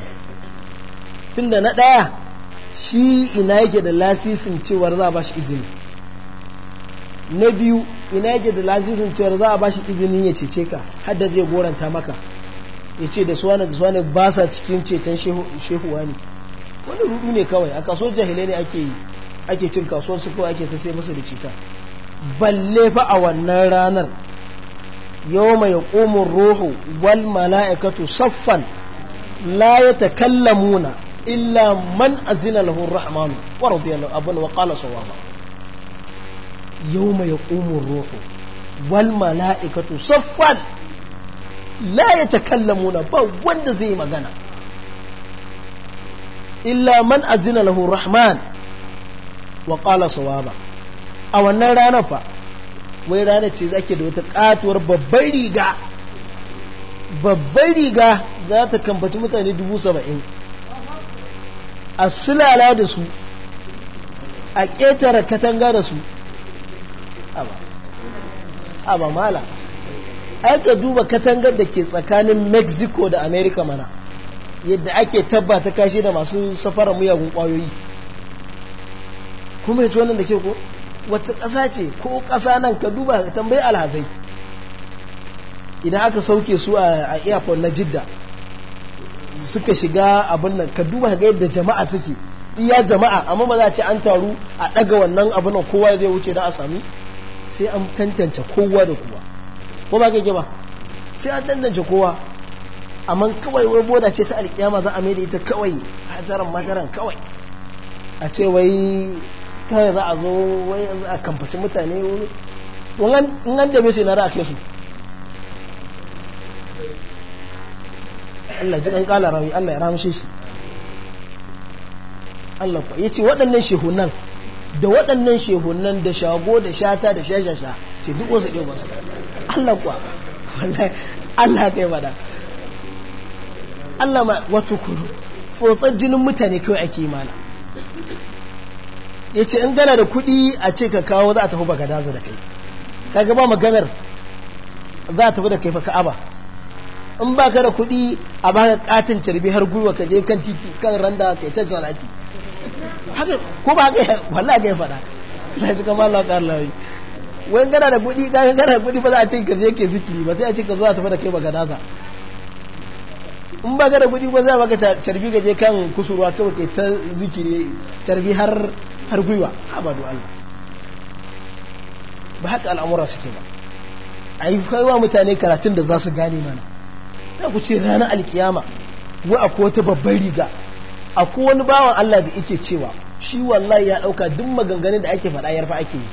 tun da na ɗaya shi ina yake da lasisin cewar za a ba shi izini na biyu ina yake da lazizin cewar za a ba shi izinin ya cece ka har da zai goranta maka ya ce da suwane da suwane ba sa cikin ceton shehuwa ne wani rudu ne kawai a kaso jahilai ne ake ake cin kasuwar su kawai ake ta sai masa da cita balle fa a wannan ranar yau mai ƙomin ruhu wal mala'ikatu saffan la ya takallamuna illa man azina lahu rahmanu wa radiyallahu abun wa qala sawaba yawma yaqumu ruhu wal mala'ikatu saffan la yatakallamuna ba wanda zai magana illa man azina lahu rahman wa qala sawaba a wannan ranar fa wai ranar ce zake da wata katuwar babbar riga babbar riga za ta kambaci mutane dubu saba'in a sulala da su a ƙetare katanga da su aba mala ai ka duba katangar da ke tsakanin mexico da america mana yadda ake tabbata kashe da masu safara muyagun kwayoyi kuma yato wannan da ke ko wacce ƙasa ce ko ƙasa nan ka duba tambayi alhazai idan aka sauke su a airport na jidda suka shiga abin nan ka duba ga yadda jama'a suke iya jama'a amma ba za a ce an taru a ɗaga wannan abin nan kowa zai wuce da a sami sai an tantance kowa da kowa ko ba kai ba sai an tantance kowa amma kawai wai boda ce ta alkiyama za a mai da ita kawai hajaran majaran kawai a ce wai kawai za a zo wai a kamfaci mutane in an dame sai na ra'a su Allah ji ɗan kala rawi Allah ya ramshe shi Allah ya ce waɗannan shehunan da waɗannan shehunan da shago da shata da shashasha ce duk wasu ɗin wasu Allah kuwa Allah ta yi bada Allah ma wata kuru tsotsar jinin mutane kawai ake mana ya ce in gana da kuɗi a ce ka kawo za a tafi baga daza da kai ka ba maganar za a tafi da kai fa aba in ba ka da kuɗi a baka katin carbi har gwiwa ka je kan titi kan randa kai ta salati haka ko ba haka wallahi ga faɗa sai suka ba Allah ƙarar lawi wai gana da kuɗi ka gana da kuɗi ba za a ce ka je ke zikiri ba sai a ce ka zo a tafi da kai baka dasa in ba gana kuɗi ba za a baka carbi ka je kan kusurwa kawai kai ta zikiri carbi har har gwiwa abadu Allah ba haka al'amura suke ba a yi kaiwa mutane karatun da za su gane mana za ku ce ranar alkiyama wai akwai wata babbar riga akwai wani bawan Allah da yake cewa shi wallahi ya dauka duk maganganun da ake faɗa yarfa ake yi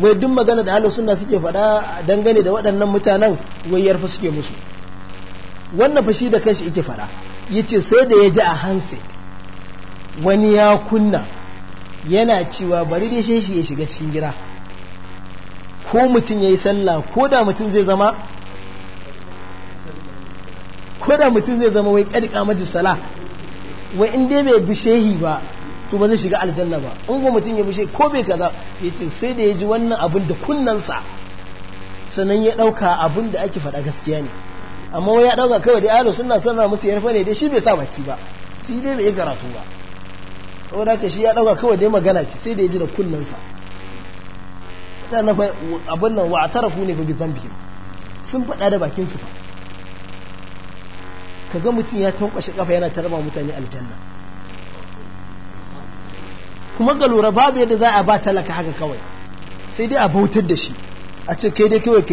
wai duk magana da ahlus suna suke faɗa dangane da waɗannan mutanen wai yarfa suke musu wannan fashi da kanshi yake faɗa ce sai da ya ji a hansi wani ya kunna yana cewa bari dai shi ya shiga cikin gida ko mutum ya yi sallah ko da mutum zai zama ko da mutum zai zama wai ƙarƙa maji sala wai in dai bai bi shehi ba to ba zai shiga aljanna ba in ko mutum ya bi shehi ko bai kaza ya ce sai da ya ji wannan abin da kunnansa sannan ya ɗauka abin da ake faɗa gaskiya ne amma wai ya ɗauka kawai da alo suna sanar musu yarfa ne dai shi bai sa baki ba shi dai bai karatu ba da haka shi ya ɗauka kawai dai magana ce sai da ya ji da kunnansa sannan abin nan wa a tarafu ne ba bi zambihim sun faɗa da bakinsu fa kaga mutum ya tankwashe kafa yana ta raba mutane aljanna kuma ga lura babu yadda za a ba talaka haka kawai sai dai a bautar da shi a ce kai dai kawai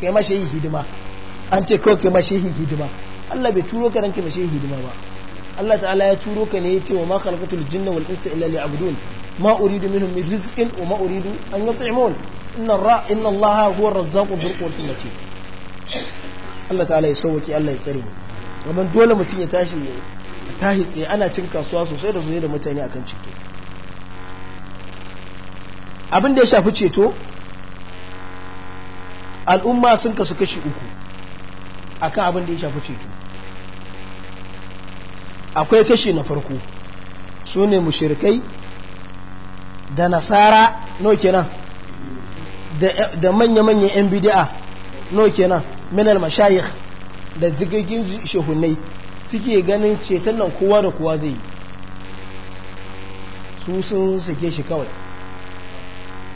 kai ma shehi hidima an ce kawai kai ma shehi hidima Allah bai turo ka ranke ma shehi hidima ba Allah ta'ala ya turo ka ne ya ce wa ma khalaqatul jinna wal insa illa liya'budun ma uridu minhum min rizqin wa ma uridu an yut'imun inna ra inna Allah huwa ar-razzaqu dhul quwwati Allah ta'ala ya sauke Allah ya tsare mu amma dole mutum ya tashi a tahi tsaye ana cin kasuwa sosai da zuwa da mutane akan ciki abin da ya shafi ceto al'umma sun kasu kashi uku akan abin da ya shafi ceto akwai kashi na farko su ne mushirikai da nasara no kenan da manya-manyan 'yan bidi'a no kenan minal mashayikh da zigagin shehunai suke ganin ceton nan kowa da kowa zai yi su sun suke shi kawai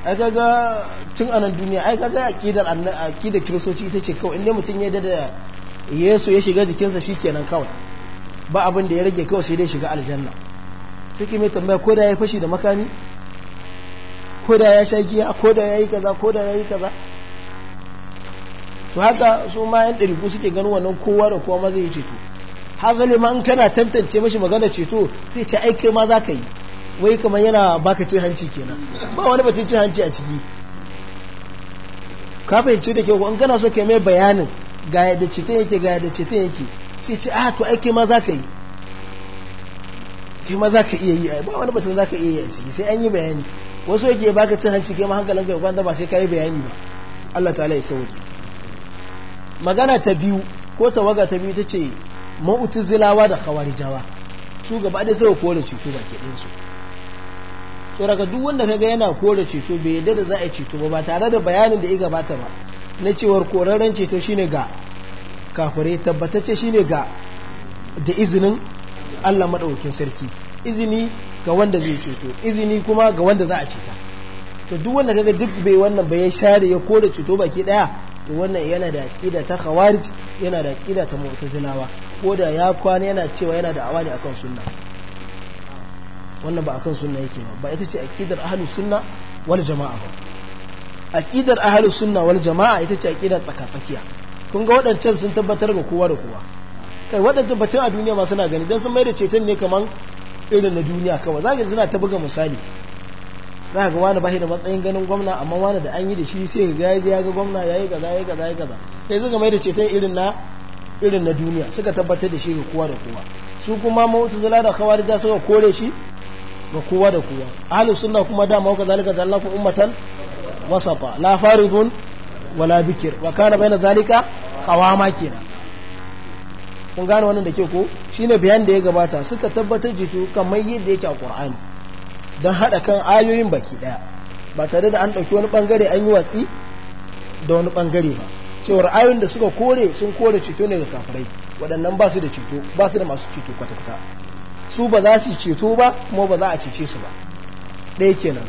ai kaga tun anan duniya ai kaga akidar akidar kirisoci ita ce kawai inda mutum ya da yesu ya shiga jikinsa shi kenan kawai ba abin da ya rage kawai sai dai shiga aljanna suke mai tambaya ko da ya fashi da makami ko da ya sha giya ko da ya yi kaza ko da ya yi kaza to haka su ma yan ɗariku suke ganin wannan kowa da kowa ma zai yi ceto hasali ma in kana tantance mashi magana ceto sai ce ai kai ma za ka yi wai kamar yana baka cin hanci kenan ba wani batun cin hanci a ciki ka fahimci da kyau in kana so ka mai bayanin ga yadda ceton yake ga yadda ceton yake sai ce a ah, to ai kai ma za ka yi kai ma za ka iya yi ba wani batun za ka iya yi a ciki sai an yi bayani wasu yake baka cin hanci kai ma hankalinka ya kwanta ba sai ka yi bayani ba Allah ta'ala ya sauke magana ta biyu ko tawaga ta biyu ta ce zilawa da jawa su gaba ɗaya sai kore ceto ba ke ɗinsu tsoraka duk wanda ka ga yana kore ceto bai yadda da za a ceto ba tare da bayanin da iga bata ba na cewar korarren ceto shine ga kafirai tabbatacce shine ga da izinin Allah maɗaukin sarki izini ga wanda zai ceto izini kuma ga wanda za a ceta to duk wanda kaga duk bai wannan bai ya share ya kore ceto baki ɗaya. to wannan yana da aqida ta khawarij yana da aqida ta mu'tazilawa ko da ya kwana yana cewa yana da awali akan sunna wannan ba akan sunna yake ba ba ita ce aqidar ahlus sunna wal jama'a ba aqidar ahlus sunna wal jama'a ita ce aqida tsakatsakiya kun ga waɗancan sun tabbatar ga kowa da kowa kai waɗancan batun a duniya ma suna gani dan sun mai da ceton ne kaman irin na duniya kawai zaka suna ta buga misali za ga wani bashi da matsayin ganin gwamna amma wani da an yi da shi sai ga ya ya ga gwamna ya yi gaza ya yi gaza. ya yi sai suka mai da ceton irin na duniya suka tabbatar da shi ga kowa da kowa su kuma mu'tazila da khawarija suka kore shi ga kowa da kowa ahlus sunna kuma da ma kazalika jallakum ummatan wasata la faridun wala bikir wa kana zalika qawama kenan kun gane wannan da ke ko shine bayan da ya gabata suka tabbatar jitu kamar yadda yake a qur'ani don haɗa kan ayoyin baki ɗaya ba tare da an ɗauki wani ɓangare an yi watsi da wani ɓangare ba cewar ayoyin da suka kore sun kore ceto ne ga kafirai waɗannan ba su da ceto ba su da masu ceto kwata-kwata su ba za su ceto ba kuma ba za a cece su ba ɗaya kenan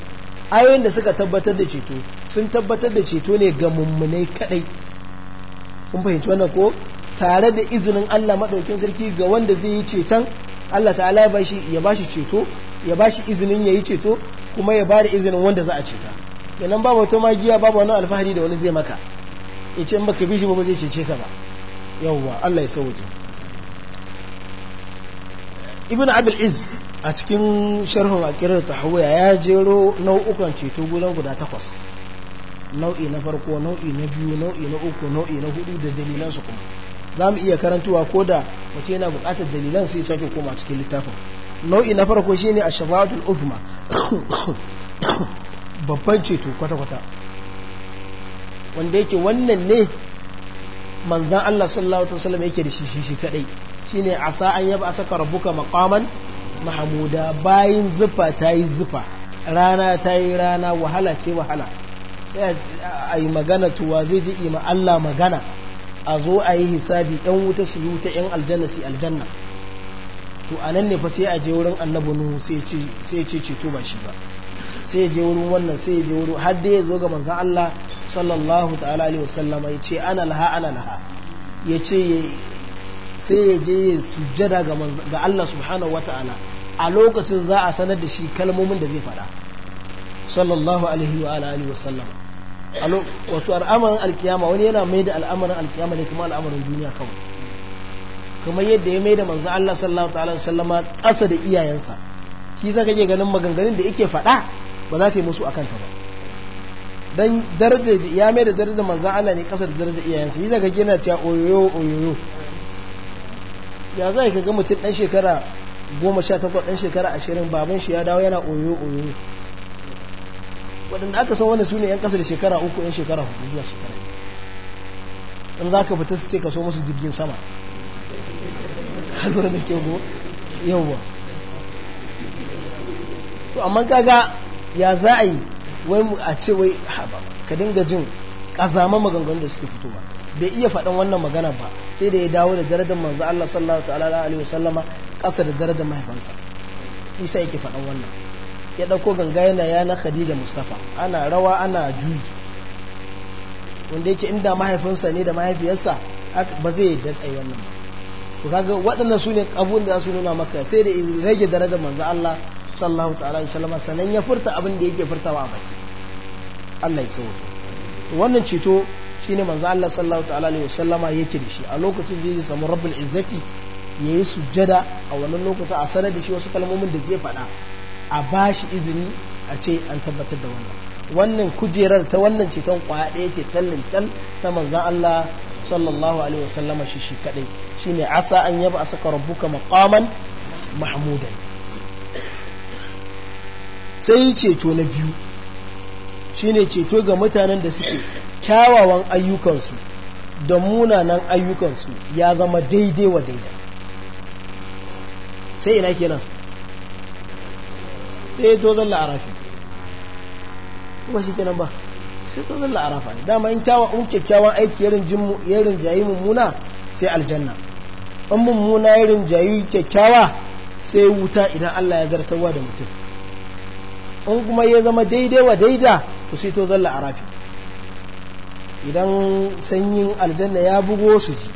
ayoyin da suka tabbatar da ceto sun tabbatar da ceto ne ga mummunai kaɗai kun fahimci wannan ko tare da izinin Allah maɗaukin sarki ga wanda zai yi ceton Allah ta'ala ya bashi ya bashi ceto ya ba shi izinin ya yi ceto kuma ya bari izinin wanda za a ceta yanan babu wata magiya babu wani alfahari da wani zai maka ya ce in baka bi ba zai cece ka ba yawwa Allah ya sauke ibn abul iz a cikin sharhun akirar tahawaya ya jero nau'ukan ceto gudan guda takwas nau'i na farko nau'i na biyu nau'i na uku nau'i na hudu da dalilansu kuma za mu iya karantuwa ko da mace yana bukatar dalilan sai sake koma cikin littafin nau'i na farko shine ash-shafa'atul uzma babban ceto kwata-kwata wanda yake wannan ne manzan Allah sallallahu alaihi wasallam yake da shi shi kadai shine asa an yaba a saka rabuka maqaman mahmuda bayan zufa tayi zufa rana tayi rana wahala ce wahala sai a yi magana tuwa zai ji ima Allah magana a zo a yi hisabi ɗan wuta su yi wuta ‘yan aljanna su aljanna to a nan ne fa sai a je wurin annabi nuhu sai ce ceto ba shi ba sai je wurin wannan sai je wurin har ya zo ga manzon Allah sallallahu ta'ala alaihi wasallam ya ce ana laha ana laha ya ce sai ya je ya sujjada ga ga Allah subhanahu wata'ala a lokacin za a sanar da shi kalmomin da zai faɗa sallallahu alaihi wa alihi wasallam wato al'amarin alkiyama wani yana mai da al'amarin alkiyama ne kuma al'amarin duniya kawai kamar yadda ya da manzan Allah sallallahu ta'ala sallama ƙasa da iyayensa shi ka ke ganin maganganun da yake faɗa ba za ta yi musu a kanta ba don daraja ya da daraja manzan Allah ne ƙasa da daraja iyayensa shi zaka ka gina cewa oyoyo oyoyo ya za ka ga mutum ɗan shekara goma sha takwas ɗan shekara ashirin baban shi ya dawo yana oyoyo oyoyo waɗanda aka san wani su ne 'yan ƙasa da shekara uku 'yan shekara hudu zuwa shekara in za ka fita su ce ka so musu jirgin sama kalura da kyau ko to amma kaga ya za a yi wai a ce wai haba ka dinga jin kazama maganganun da suke fitowa bai iya faɗin wannan magana ba sai da ya dawo da darajar manzo Allah sallallahu ta'ala alaihi wasallama ƙasa da darajar mahaifansa isa yake faɗin wannan ya ɗauko ganga yana yana Khadija Mustafa ana rawa ana juyi wanda yake inda mahaifinsa ne da mahaifiyarsa ba zai yadda ai wannan ba to kaga waɗannan su ne abun da su nuna maka sai da rage daraja manzo Allah sallallahu ta'ala alaihi wasallam sanan ya furta abin da yake furtawa a baki Allah ya sauke wannan ceto shine manzo Allah sallallahu ta'ala alaihi wasallam yake da shi a lokacin da ya samu rabbul izzati yayi sujjada a wannan lokacin a sanar da shi wasu kalmomin da zai faɗa a bashi izini a ce an tabbatar da wannan wannan kujerar ta wannan ceton kwaya ɗaya ce tallin tal ta manzan Allah sallallahu alaihi wasallama shi shi kadai shine asa an yaba asaka rabbuka maqaman mahmudan sai ceto na biyu shine ceto ga mutanen da suke kyawawan ayyukansu da munanan ayyukansu ya zama daidai wa daidai sai ina kenan sai dozon la'arafi ba shi kenan ba sai ta zalla arafa ne dama in kyawa in kyakkyawan aiki ya rinjayi mummuna sai aljanna in mummuna ya rinjayi kyakkyawa sai wuta idan Allah ya zartarwa da mutum in kuma ya zama daidai wa daida to sai to zalla arafi idan sanyin aljanna ya bugo su ji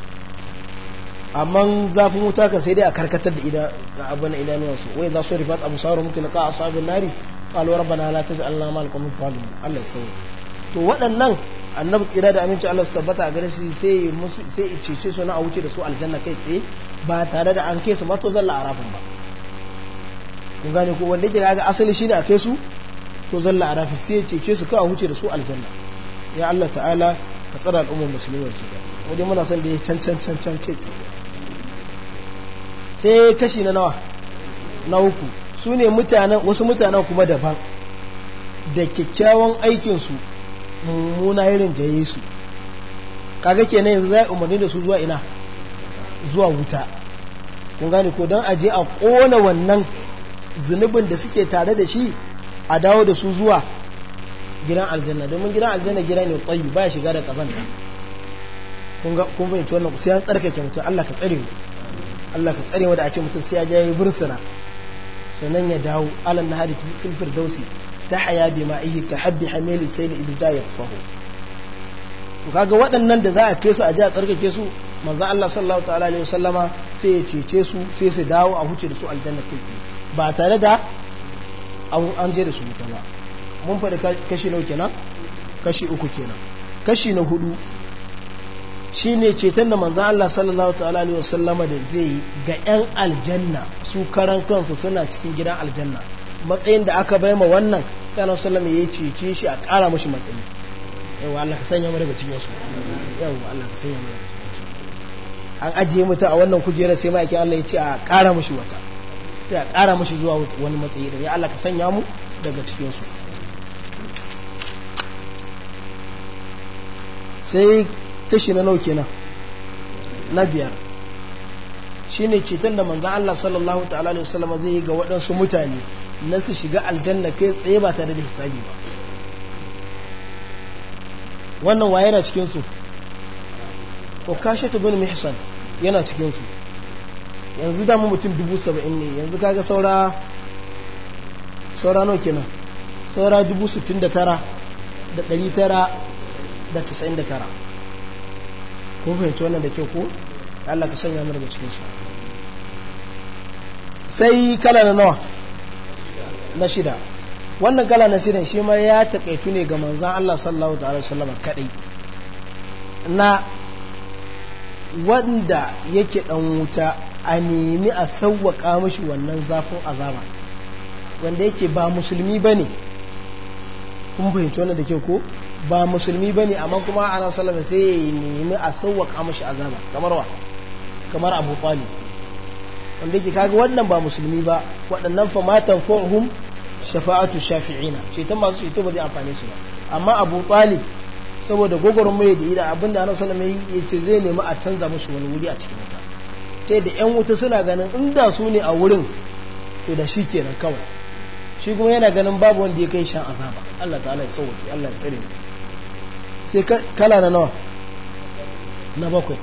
amma zafin wuta ka sai dai a karkatar da ida ga abin idanuwa su wai za su rifat abu sauran mutum ka asabin nari قالوا ربنا لا تجعلنا مالكم من adh الله Allah ya to waɗannan annabi tsira da aminci Allah su tabbata a gare shi sai musu sai cece su na a wuce da su aljanna kai tsaye ba tare da an kai su mato to zalla arafin ba kun gane ko wanda yake ga asali shine a kai su to zalla arafin sai ya cece su a wuce da su aljanna ya Allah ta'ala ka tsara al'ummar musulmi wajen da wajen muna son da ya can can can can kai tsaye sai kashi na nawa na uku su ne mutanen wasu mutanen kuma daban da kyakkyawan aikinsu mummuna irin ta yi su kaga kenan yanzu zai umarni da su zuwa ina zuwa wuta kun gani ko don aje a kona wannan zunubin da suke tare da shi a dawo da su zuwa gidan aljanna domin gidan aljanna gida ne tsayi ba shiga da kazanta kun fahimci wannan sai an tsarkake mutum Allah ka tsare Allah ka tsare wa da a ce mutum sai ya je ya bursuna sannan ya dawo alan nahari fil firdausi ka habbi بمائه sai ni السيل إذ جاء يطفه kaga waɗannan da za a kai su a ji a tsarkake su manzo Allah sallallahu ta'ala alaihi wasallama sai ya cece su sai su dawo a huce da su aljanna kai ba tare da an je da su wuta ba mun faɗi kashi nawa kenan kashi uku kenan kashi na hudu shine ceton da manzan Allah sallallahu ta'ala alaihi wasallama da zai yi ga ƴan aljanna su karan kansu suna cikin gidan aljanna matsayin da aka bai ma wannan sanar annabi ya yi ya cece shi a ƙara mashi matsayi yawa Allah ka sanya mu daga yasu su Allah ka sanya mu daga cikin an ajiye mutum a wannan kujerar sai ma'aikin Allah ya ce a ƙara mashi wata sai a ƙara mashi zuwa wani matsayi da ya Allah ka sanya mu daga cikin su sai tashi na nauke na na biyar shine ceton da manzan Allah sallallahu ta'ala alaihi wasallam zai yi ga waɗansu mutane na su shiga aljanna kai tsaye ba tare da hisabi ba wannan waye na cikinsu ko kashe ta bin mihsan yana cikinsu yanzu damu mutum dubu saba'in ne yanzu kaga saura saura nawa kenan saura dubu sittin da tara da ɗari tara da tasa'in da tara ko fahimci wannan da kyau ko Allah ka sanya mu daga cikinsu sai kala na nawa na shida wannan kala na shida shi ma ya taƙaitu ne ga manzan Allah sallallahu ta'ala sallama kaɗai na wanda yake ɗan wuta a nemi a sauwaƙa mashi wannan zafin azaba wanda yake ba musulmi ba ne kun fahimci wannan da ke ko ba musulmi ba ne amma kuma ana salama sai ya nemi a sauwaƙa mashi azaba kamar wa kamar abu talib wanda yake kaga wannan ba musulmi ba waɗannan famatan fa'uhum shafa'atu shafi'ina ta masu ceto ba zai amfani su ba amma abu talib saboda gogoron mai da ida abinda ana mai ya ce zai nemi a canza musu wani wuri a cikin wuta ta yadda yan wuta suna ganin inda su ne a wurin to da shi kenan kawai shi kuma yana ganin babu wanda ya kai shan azaba Allah ta'ala ya sauke Allah ya tsare sai kala na nawa na bakwai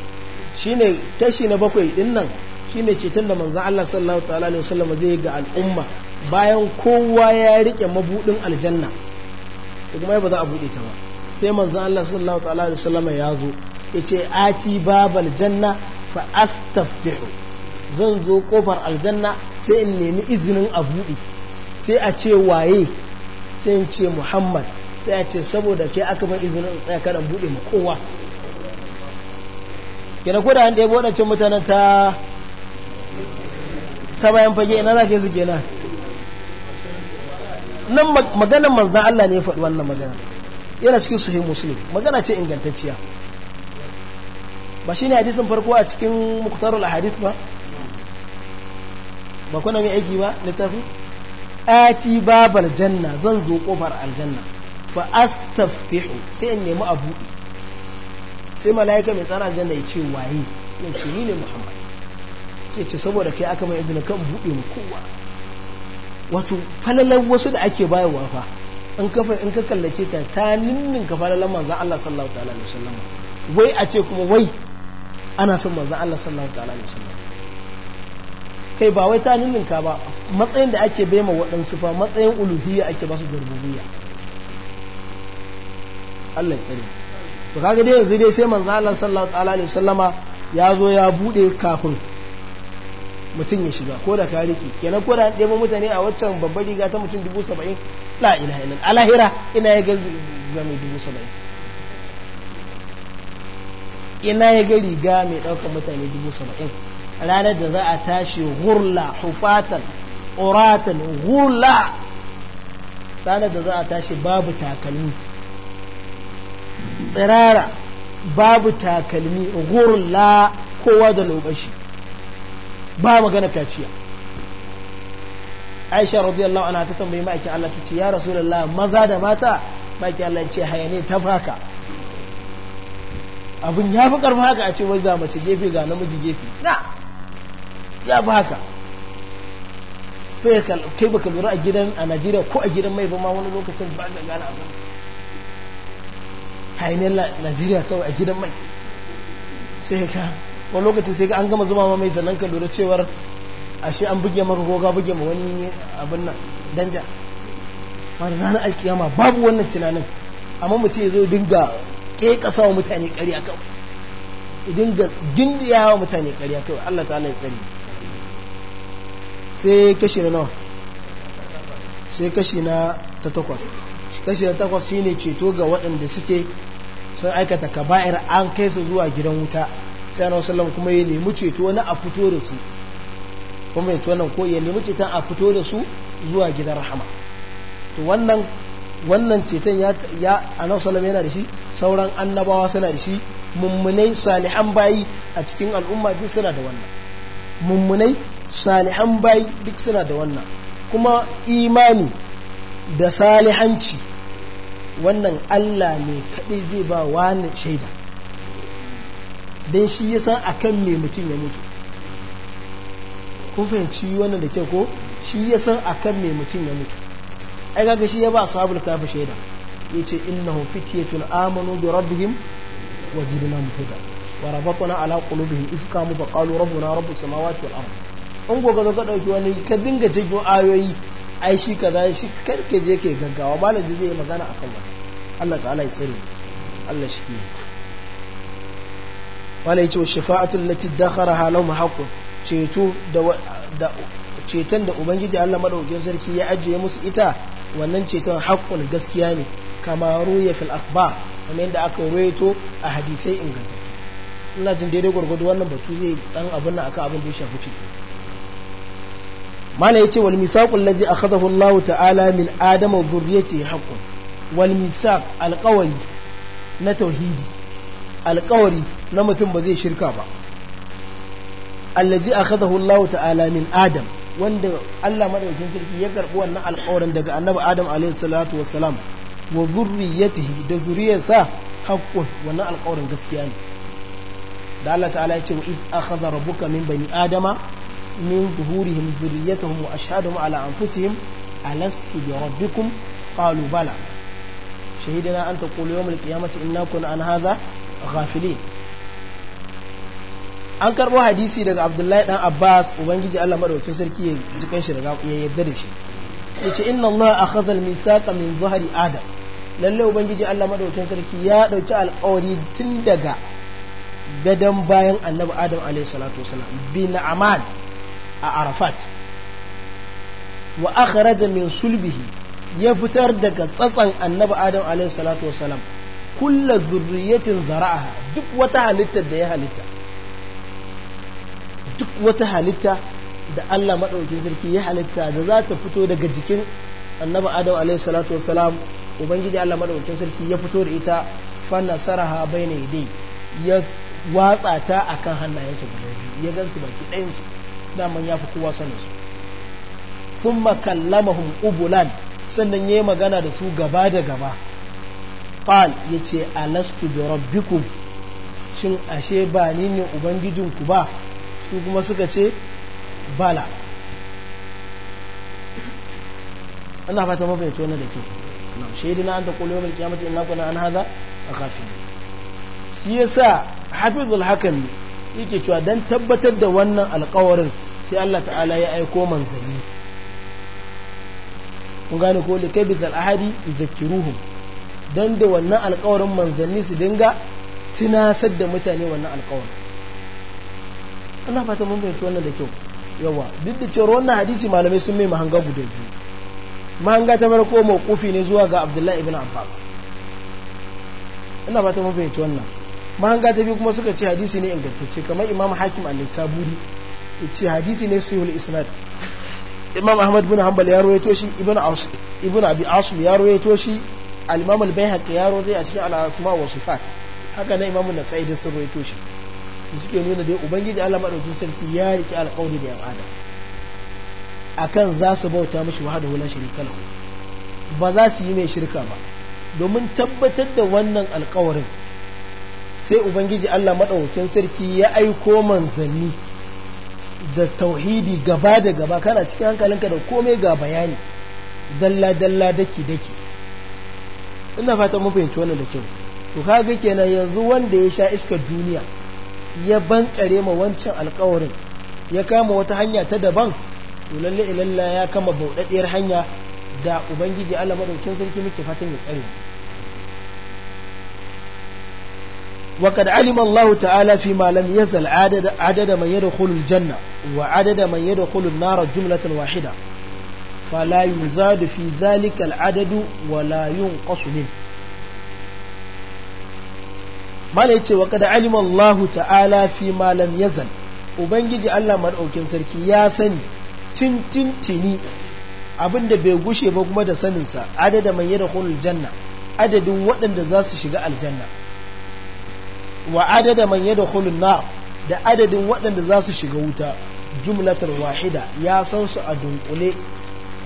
shine tashi na bakwai din nan shine ceton da manzan Allah sallallahu ta'ala ne wasallam zai ga al'umma bayan kowa ya rike mabuɗin aljanna kuma ba za a buɗe ta ba sai manzon Allah sallallahu alaihi wasallam ya zo yace ati babal janna fa astaftihu zan zo kofar aljanna sai in nemi izinin a buɗe sai a ce waye sai in ce Muhammad sai a ce saboda ke aka ban izinin tsaya kada buɗe ma kowa kina ko da an ɗebo mutanen ta ta bayan fage ina za ke su kenan nan maganar manzan Allah ne ya faɗi wannan magana yana cikin sahih magana ce ingantacciya ba ne hadisin farko a cikin muktarul ahadith ba ba kuna mai aiki ba littafi ati babal janna zan zo kofar aljanna fa astaftihu sai in nemi abu sai malaika mai tsara aljanna ya ce waye sai ce ni ne muhammad sai ce saboda kai aka mai izinin kan buɗe mu kowa wato falalar wasu da ake bayarwa fa in ka in ka kallace ta ta ninnin ka falalar manzon Allah sallallahu ta'ala alaihi wasallam wai a ce kuma wai ana son manzon Allah sallallahu ta'ala alaihi wasallam kai ba wai ta ninnin ka ba matsayin da ake baima waɗansu fa matsayin uluhiyya ake basu garbubiyya Allah ya tsare to kaga dai yanzu dai sai manzon Allah sallallahu ta'ala alaihi wasallama ya zo ya bude kafin mutum ya shiga ko da ka riki kenan ko da an ɗebo mutane a waccan babbar riga ta mutum dubu saba'in la ilaha illallah alahira ina ya ga mai dubu saba'in ina ya ga riga mai ɗaukar mutane dubu saba'in ranar da za a tashi hurla hufatan uratan hurla ranar da za a tashi babu takalmi tsirara babu takalmi hurla kowa da lobashi ba magana kaciya aisha radiyallahu anha ta tambayi ma'aikin Allah tace ce ya rasulullah maza da mata ma'aikin Allah ya ce hayane ta faka abun ya fi karfa haka a ce wai ga mace gefe ga namiji gefe na ya fi haka kai baka lura a gidan a najeriya ko a gidan mai ba ma wani lokacin ba ga gana abin hayanin najeriya kawai a gidan mai sai ka wani lokaci sai an gama zuma mai sannan ka lura cewar ashe an buge maka ko ka buge ma wani abin nan danja wani ranar alkiyama babu wannan tunanin amma mutum ya zo dinga ke kasa wa mutane a kawai dinga ga gindiya wa mutane ƙarya kawai Allah ta ya tsari sai kashi na nawa sai kashi na ta takwas kashi na takwas shine ceto ga waɗanda suke sun aikata kaba'ir an kai su zuwa gidan wuta sallallahu alaihi wasallam kuma ya nemi ceto na a fito da su kuma ya wannan ko ya nemi ceton a fito da su zuwa gidan rahama to wannan wannan ceton ya ya annabi sallallahu yana da shi sauran annabawa suna da shi mummunai salihan bayi a cikin al'umma duk suna da wannan mummunai salihan bayi duk suna da wannan kuma imani da salihanci wannan Allah ne kaɗai zai ba wani shaida don shi ya san akan me mutum ya mutu kufin fahimci wannan da ke ko shi ya san akan me mutum ya mutu ai kaga shi ya ba da kafi shaida yace innahum tun amanu bi rabbihim wa zidnahum huda wa rabatna ala qulubihim idh qamu fa qalu rabbuna rabbus samawati wal ardh in goga zo ka dauki wani ka dinga jigo ayoyi ai shi kaza shi karke je ke gaggawa malam da zai yi magana akan wani Allah ta'ala ya tsare Allah shi ke yi. wala yace shafa'atul lati dakharaha lahum haqqun ceto da ceton da ubangiji Allah madaukakin sarki ya ajiye musu ita wannan ceton haqqun gaskiya ne kama ruya fil akhbar kamar yadda aka ruwaito a hadisai inganta ina jin daidai gwargwado wannan batu zai dan abin nan aka abin da ya shafi ceto mana yace wal mithaq allazi akhadahu Allah ta'ala min adama wa dhurriyyati haqqun wal alqawli na tauhidi alqawli na mutum ba zai shirka ba allazi akhadahu Allah ta'ala min Adam wanda Allah madaukakin sarki ya karbi wannan alƙawarin daga annabi Adam alaihi salatu wassalam wa zurriyatihi da zuriyarsa haqqun wannan alƙawarin gaskiya ne da Allah ta'ala ya ce wa iz akhadha rabbuka min bani adama min zuhurihim zurriyatahum wa ashhadahum ala anfusihim alastu bi rabbikum qalu bala shahidana an taqulu yawm al-qiyamati inna kunna an hadha ghafilin an karbo hadisi daga abdullahi dan abbas ubangiji allah maɗaukin sarki ya jikan shi daga ya yarda da shi ya ce inna allah akhadha al-misaqa min zuhari adam lalle ubangiji allah maɗaukin sarki ya ɗauki alƙawari tun daga gadon bayan annabi adam alayhi salatu wasalam bin amal a arafat wa akhraja min sulbihi ya fitar daga tsatsan annabi adam alayhi salatu wasalam kullu zurriyatin zara'aha duk wata halittar da ya halitta duk wata halitta da Allah maɗaukin sarki ya halitta da za ta fito daga jikin annaba adam alaihi salatu wasalam ubangiji Allah maɗaukin sarki ya fito da ita fanna saraha bayna yadai ya watsa ta akan hannayensa guda biyu ya gansu baki ɗayensu daman ya fi kowa sanin su thumma kallamahum ubulan sannan yayi magana da su gaba da gaba qal yace alastu bi rabbikum shin ashe ba ni ne ubangijinku ba su kuma suka ce bala ana fata mafaita wani da ke shaidu na an ta kolo mai kyamata ina kuna an haza a kafin shi ya sa hafizul hakan ne yake cewa don tabbatar da wannan alkawarin sai allah ta'ala ya aiko manzanni kun gane ko likai bizal ahadi zakiruhum don da wannan alkawarin manzanni su dinga tunasar da mutane wannan alkawarin Allah fata mun fahimci wannan da kyau yawa duk da cewa wannan hadisi malamai sun mai mahanga guda biyu mahanga ta farko mawqufi ne zuwa ga Abdullahi ibn Abbas ina fata mun fahimci wannan mahanga ta biyu kuma suka ce hadisi ne ingantacce kamar Imam Hakim al-Saburi yace hadisi ne sahihul isnad Imam Ahmad bin Hanbal ya rawaito shi Ibn Aus Ibn Abi Asim ya rawaito shi Al-Imam Al-Baihaqi ya rawaito a cikin Al-Asma wa Sifat haka na Imam An-Nasa'i da sun rawaito shi da suke nuna dai ubangiji Allah madaukakin sarki ya riki alƙawari da yan adam akan za su bauta mashi wahada wala shirka lahu ba za su yi mai shirka ba domin tabbatar da wannan alƙawarin sai ubangiji Allah madaukakin sarki ya aiko manzanni da tauhidi gaba da gaba kana cikin hankalinka da komai ga bayani dalla dalla daki daki ina fatan mun fahimci wannan da kyau to kaga kenan yanzu wanda ya sha iskar duniya ya ban kare ma wancan alkawarin ya kama wata hanya ta daban lalle lallai ya kama bauɗaɗiyar hanya da ubangiji Allah madaukin sarki muke fatan ya tsare wa kad alima Allah ta'ala fi ma lam yazal adad adad man yadkhulu aljanna wa adad man yadkhulu an-nar jumlatan wahida fala yuzadu fi dhalika al-adadu wa la yunqasu minhu mala ce wa kada alima ta'ala fi malam yazal ubangiji Allah madaukin sarki ya sani tintintini abinda bai gushe ba kuma da sanin sa adada man yadkhulul janna adadin waɗanda za su shiga aljanna wa adada man yadkhulun nar da adadin waɗanda za su shiga wuta jumlatar wahida ya san su a dunkule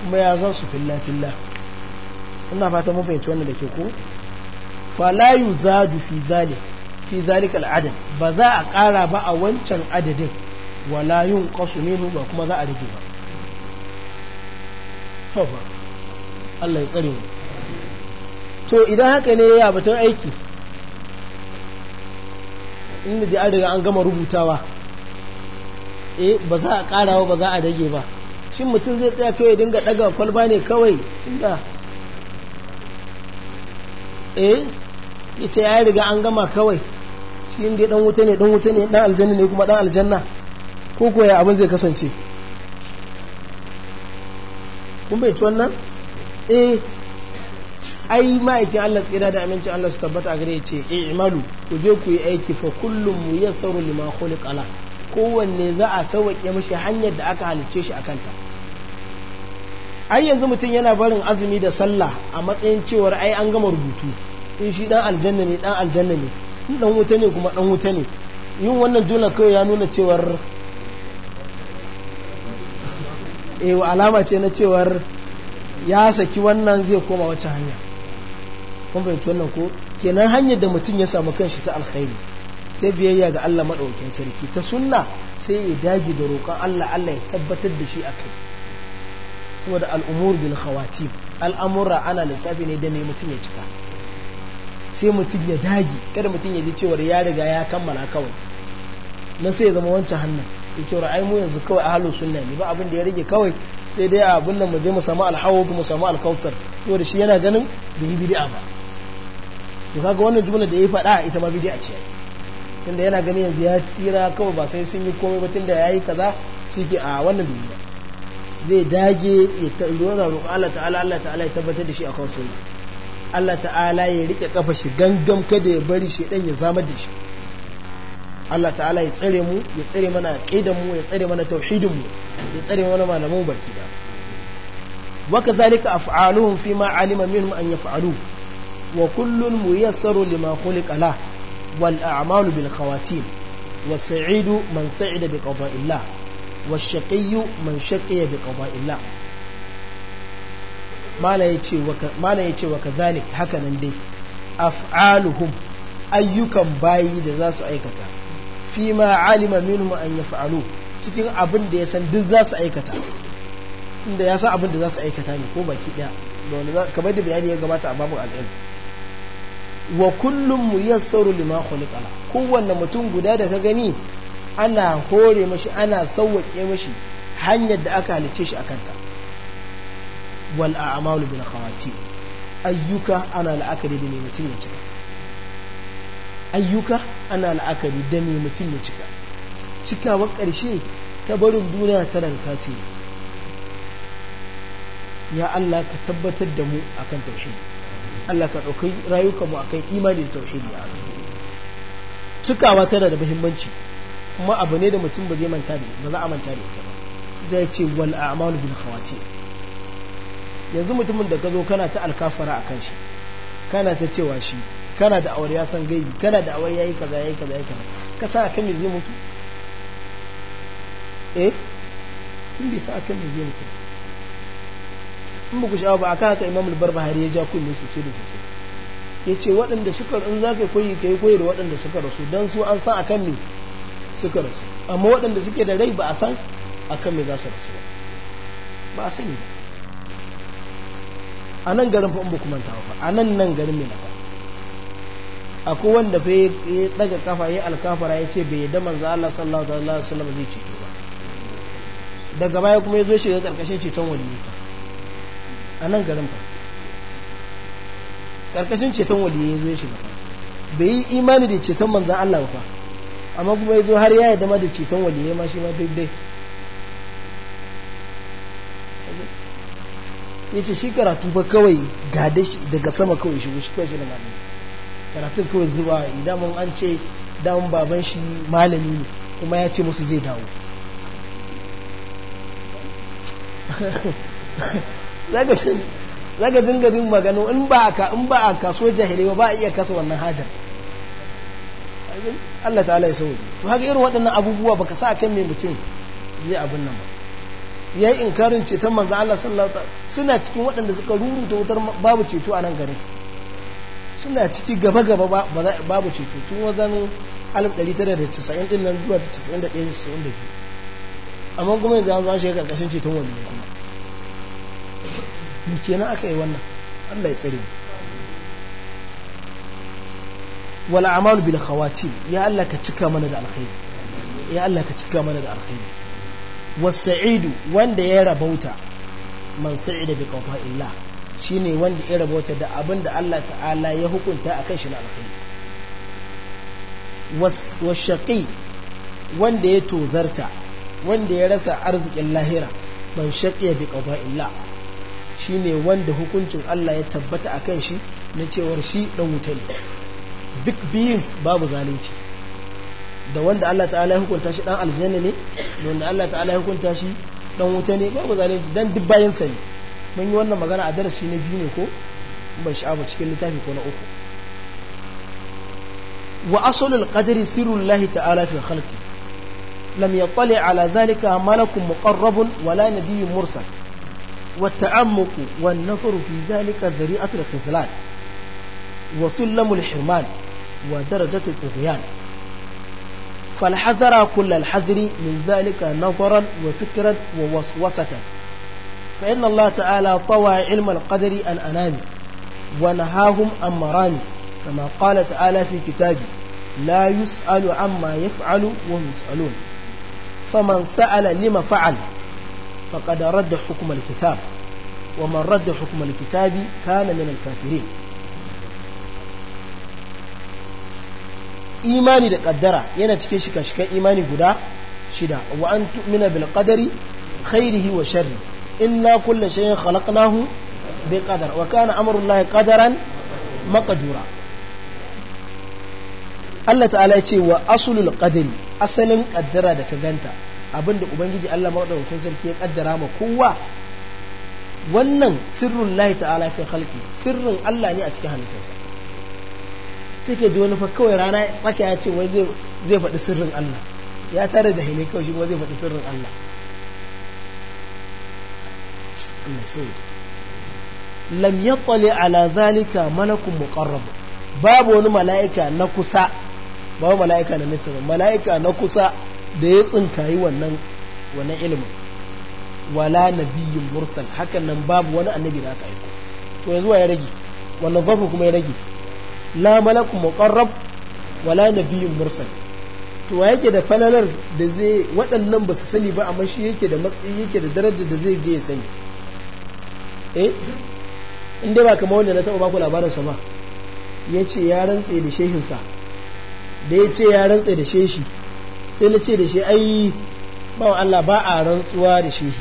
kuma ya san su filla filla ina fata mun fahimci wannan da ke ko la yuzadu fi zalik fi zalika al'adad ba za a ƙara ba a wancan adadin wala yun qasu ba kuma za a rage ba to fa Allah ya tsare mu to idan haka ne ya batun aiki inda da an an gama rubutawa eh ba za a ƙara ba za a rage ba shin mutum zai tsaya kawai dinga daga kwalba ne kawai inda eh ita ya riga an gama kawai shi inda dan wuta ne dan wuta ne dan aljanna ne kuma dan aljanna ko ko ya abin zai kasance kun bai ci wannan eh ai ma'aikin Allah tsira da amincin Allah su tabbata a gare ce eh imalu ku je ku yi aiki fa kullum mu yassaru lima khuliqa la kowanne za a sauke mishi hanyar da aka halice shi akan ta ai yanzu mutum yana barin azumi da sallah a matsayin cewar ai an gama rubutu in shi dan aljanna ne dan aljanna ne dan wuta ne kuma dan wuta ne yin wannan jumla kawai ya nuna cewar eh alama ce na cewar ya saki wannan zai koma wacce hanya kun fahimci wannan ko kenan hanyar da mutum ya samu kanshi ta alkhairi ta biyayya ga Allah madaukakin sarki ta sunna sai ya dage da roƙon Allah Allah ya tabbatar da shi akai saboda al'umur bil khawatib al'amura ana lissafi ne da ne mutum ya cika sai mutum ya daji kada mutum ya ji cewar ya riga ya kammala kawai na sai ya zama wancan hannun ya cewar ai mu yanzu kawai a halin sunna ne ba abin da ya rage kawai sai dai abin nan mu je mu samu alhawud mu samu alkautar to da shi yana ganin bai yi bid'a ba to kaga wannan jumla da ya faɗa ita ma bid'a ce tunda yana ganin yanzu ya tsira kawai ba sai sun yi komai ba tunda yayi kaza ke a wannan bai zai dage ya ta'ala Allah ta'ala Allah ta'ala ya tabbatar da shi a kawai sai Allah ta'ala ya rike kafa shi gangam kada ya bari shi dan ya zama da shi Allah ta'ala ya tsare mu ya tsare mana aqidan mu ya tsare mana tauhidin mu ya tsare mana malaman baki da wa kadhalika af'aluhum ma alima minhum an yaf'alu wa kullun muyassaru lima khuliqa la wal a'malu bil khawatim wa sa'idu man sa'ida bi qada'illah والشقي man شقي bi الله mala ya ce wa kazalik haka nan dai af'aluhum ayyukan bayi da za su aikata fi ma alima minhum an fa'alu cikin abin da ya san duk za su aikata inda ya san abin da za su aikata ne ko baki ɗaya da wanda kamar da bayani ya gabata a babu al'ilm wa kullum muyassaru lima khuliqa la kowanne mutum guda da ka gani ana hore mashi ana sauwake mashi hanyar da aka halicce shi a kanta. wal bin bil khawatim ayyuka ana la'akari da me mutum ya cika ayyuka ana la'akari da me mutum ya cika cikawar ƙarshe ta barin duniya tana da tasiri ya Allah ka tabbatar da mu akan tauhidi Allah ka ɗauki rayuka mu akan imanin tauhidi ya cikawa tana da muhimmanci kuma abu ne da mutum ba zai manta da ba za a manta da ita ba zai ce wal a'malu bil khawatim yanzu mutumin da ka zo kana ta alkafara a kan shi kana ta cewa shi kana da awar ya san gaibi kana da awar yayi kaza yayi kaza yayi kaza ka sa akan mai zai mutu eh tun bai sa akan mai zai mutu in ba ku sha'awa ba akan haka imamul al-barbahari ya ja kunne sosai da sosai ya ce waɗanda suka in za ka koyi ka yi koyi da waɗanda suka rasu don su an san akan me suka rasu amma waɗanda suke da rai ba a san akan me za su rasu ba ba a sani ba a nan garin fa in ba ku manta a nan nan garin mai nafa akwai wanda fa ya daga kafa ya alkafara ya ce bai yadda manzo Allah sallallahu alaihi wasallam zai ceto ba daga baya kuma ya zo shi ga karkashin ceton waliyi a nan garin fa karkashin ceton waliyi ya zo ya fa bai yi imani da ceton manzo Allah ba amma kuma ya zo har ya yadda ma da ceton waliyi ma shi ma daidai ya ce shi karatu ba kawai gada shi daga sama kawai shi shi kawai shi da malami karatun kawai zuwa idan mun an ce damun baban shi malami ne kuma ya ce musu zai dawo zaga dinga din magano in ba a in ba a so jahilai ba a iya kasa wannan hajar Allah ta'ala ya sauri to haka irin waɗannan abubuwa baka sa kan mai mutum zai abin nan ba ya yi inkarin ceton manzan Allah sallallahu alaihi suna cikin waɗanda suka rubuta wutar babu ceto a nan gari suna ciki gaba gaba babu ceto tun wajen 1990 din nan zuwa 91 amma kuma yanzu an zuwa shi karkashin ceton wani ne kuma mu kenan aka yi wannan Allah ya tsare wala amalu bil khawatim ya Allah ka cika mana da alkhairi ya Allah ka cika mana da alkhairi wasa'idu wanda ya rabauta man sa'ida bi qada illa shine wanda ya rabauta da abin da Allah ta'ala ya hukunta akan shi na alkhairi washaqi wanda ya tozarta wanda ya rasa arzikin lahira man shaqiya bi qada illa shine wanda hukuncin Allah ya tabbata akan shi na cewar shi dan wuta duk biyun babu zalunci da wanda Allah ta'ala ya hukunta shi dan aljanna ne da wanda Allah ta'ala ya hukunta shi dan wuta ne babu zalunci dan duk bayan sa ne mun yi wannan magana a darasi na biyu ne ko ban sha'aba cikin littafi ko na uku wa asalul qadri sirrullahi ta'ala fi khalqi lam yattali ala zalika malakun muqarrabun wala nabiyyun mursal والتعمق zalika في ذلك wa الخزلان وسلم wa darajatul الطغيان فالحذر كل الحذر من ذلك نظرا وفكرا ووسوسة فإن الله تعالى طوى علم القدر الأنام ونهاهم عن مرامي كما قال تعالى في كتابه لا يسأل عما يفعل وهم يسألون فمن سأل لما فعل فقد رد حكم الكتاب ومن رد حكم الكتاب كان من الكافرين imani da kaddara yana cikin shika-shikan imani guda shida wa an tu'mina bil qadari khairihi wa sharri inna kulla shay'in khalaqnahu bi qadar wa kana amrullahi qadaran maqdura Allah ta'ala ce wa asulul qadari asalin kaddara da ka ganta abinda ubangiji Allah madaukakin sarki ya kaddara ma kowa wannan sirrun lahi ta'ala fi khalqi sirrin Allah ne a cikin halittarsa sai ke ji wani fa kawai rana tsaka ya ce wai zai faɗi sirrin Allah ya tare da hini kawai shi ba zai faɗi sirrin Allah lam yattali ala zalika malakun muqarrab babu wani mala'ika na kusa babu mala'ika na nisa mala'ika na kusa da ya tsinkayi wannan wannan ilimin wala nabiyyin mursal hakan nan babu wani annabi da aka aiko to yanzu ya rage wannan zafi kuma ya rage la malakun muqarrab wala nabiyyun mursal to wa yake da falalar da zai waɗannan ba su sani ba amma shi yake da matsayi yake da darajar da zai je ya sani eh in dai ba kamar wanda na taɓa baku sa ba ya ce ya rantse da shehinsa da ya ce ya rantse da sheshi sai na ce da shi ai ba Allah ba a rantsuwa da shehi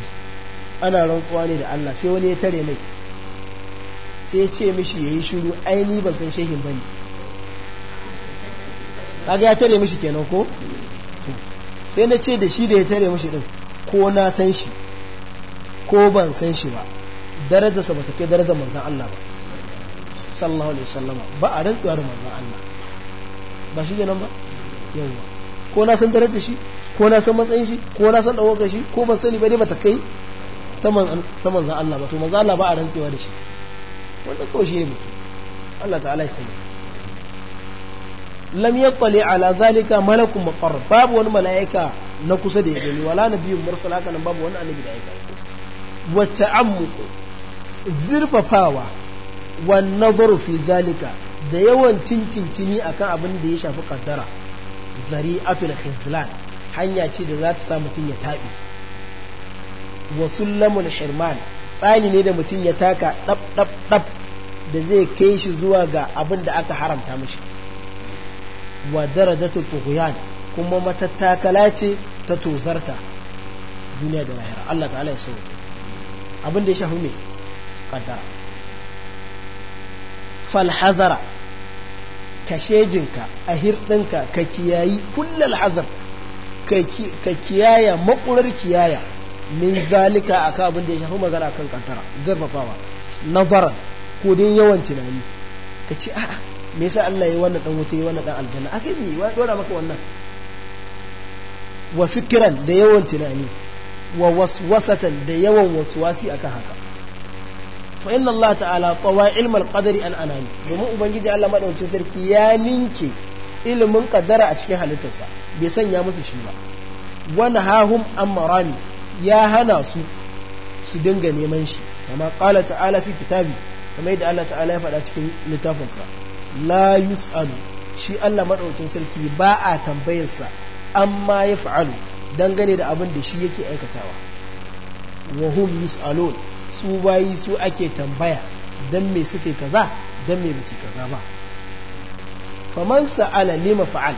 ana rantsuwa ne da Allah sai wani ya tare mai sai ya ce mishi ya yi shiru aini ban san shehin ba ne kaga ya tare mishi kenan ko sai na ce da shi da ya tare mishi din ko na san shi ko ban san shi ba darajarsa ba ta kai darajar manzan Allah ba sallallahu alaihi wasallam ba a rantsuwa da manzan Allah ba shi kenan ba yawa ko na san darajar shi ko na san matsayin shi ko na san dawakar shi ko ban sani ba dai ba ta kai ta manzan Allah ba to manzan Allah ba a rantsuwa da shi wannan kawai shi ne Allah ta'ala ya sani lam yattali ala zalika malakun maqarrab babu wani mala'ika na kusa da ya gani wala nabiyyun mursal haka nan babu wani annabi da ya gani wa amuku. zurfafawa wa nazaru zalika da yawan cincincini akan abin da ya shafi kaddara zari'atul khizlan hanya ce da za ta sa mutum ya taɓi wa sullamun hirman tsani ne da mutum ya taka ɗab ɗab ɗab da zai kai shi zuwa ga abin da aka haramta mashi wa darajatu tughyan kuma matattakala ce ta tozarta duniya da lahira Allah ta'ala ya sauke abin da ya shafi me kaddara fal hazara ka shejinka a hirɗinka ka kiyayi kullal hazar ka kiyaya makurar kiyaya min zalika akan abin da ya shafi magana kan kantara zarfafawa fara ko dai yawan tunani ka ce a'a me yasa Allah ya wannan dan wuta ya wannan dan aljanna akai me ya dora maka wannan wa fikiran da yawan tunani wa waswasatan da yawan waswasi akan haka fa inna Allah ta'ala tawa ilmal qadari an anani domin ubangiji Allah madaukakin sarki ya ninke ilimin kaddara a cikin halittarsa bai sanya musu shi ba wani hahum an marani ya hana su su dinga neman shi kama ƙala ta'ala fi kitabi kama yadda Allah ta'ala ya faɗa cikin littafinsa la yus'alu shi Allah madaukakin sarki ba a tambayarsa amma ya fa'alu dangane da abin da shi yake aikatawa wa hum yus'alun su bayi su ake tambaya dan me suke kaza dan me basu su kaza ba faman sa'ala lima fa'al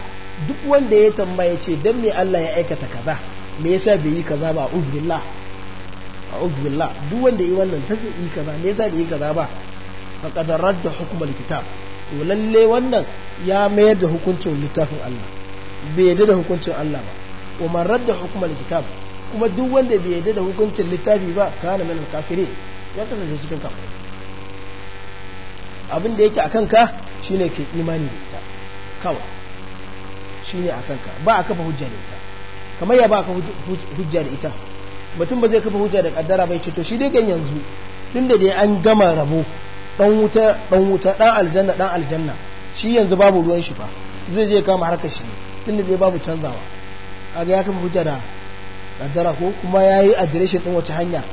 duk wanda ya tambaya ce dan me Allah ya aikata kaza me yasa bai yi kaza ba a'udhu billah a'udhu billah duk wanda yi wannan ta yi kaza me yasa bai yi kaza ba faqad radda hukm al-kitab to lalle wannan ya mayar da hukuncin littafin Allah bai yarda da hukuncin Allah ba wa man radda hukm al-kitab kuma duk wanda bai yarda da hukuncin littafi ba kana min kafire ya kasance cikin kafirai abin da yake akan ka shine ke imani da ita kawai shine akan ka ba a kafa hujja da ita kamar ya baka hujja da ita mutum ba zai kafa hujja da kaddara bai ce to shi dai gan yanzu tunda dai an gama rabo dan wuta dan wuta dan aljanna dan aljanna shi yanzu babu ruwan shi fa zai je kama harka shi tunda dai babu canzawa kaga ya kafa hujja da kaddara ko kuma yayi adireshin din wata hanya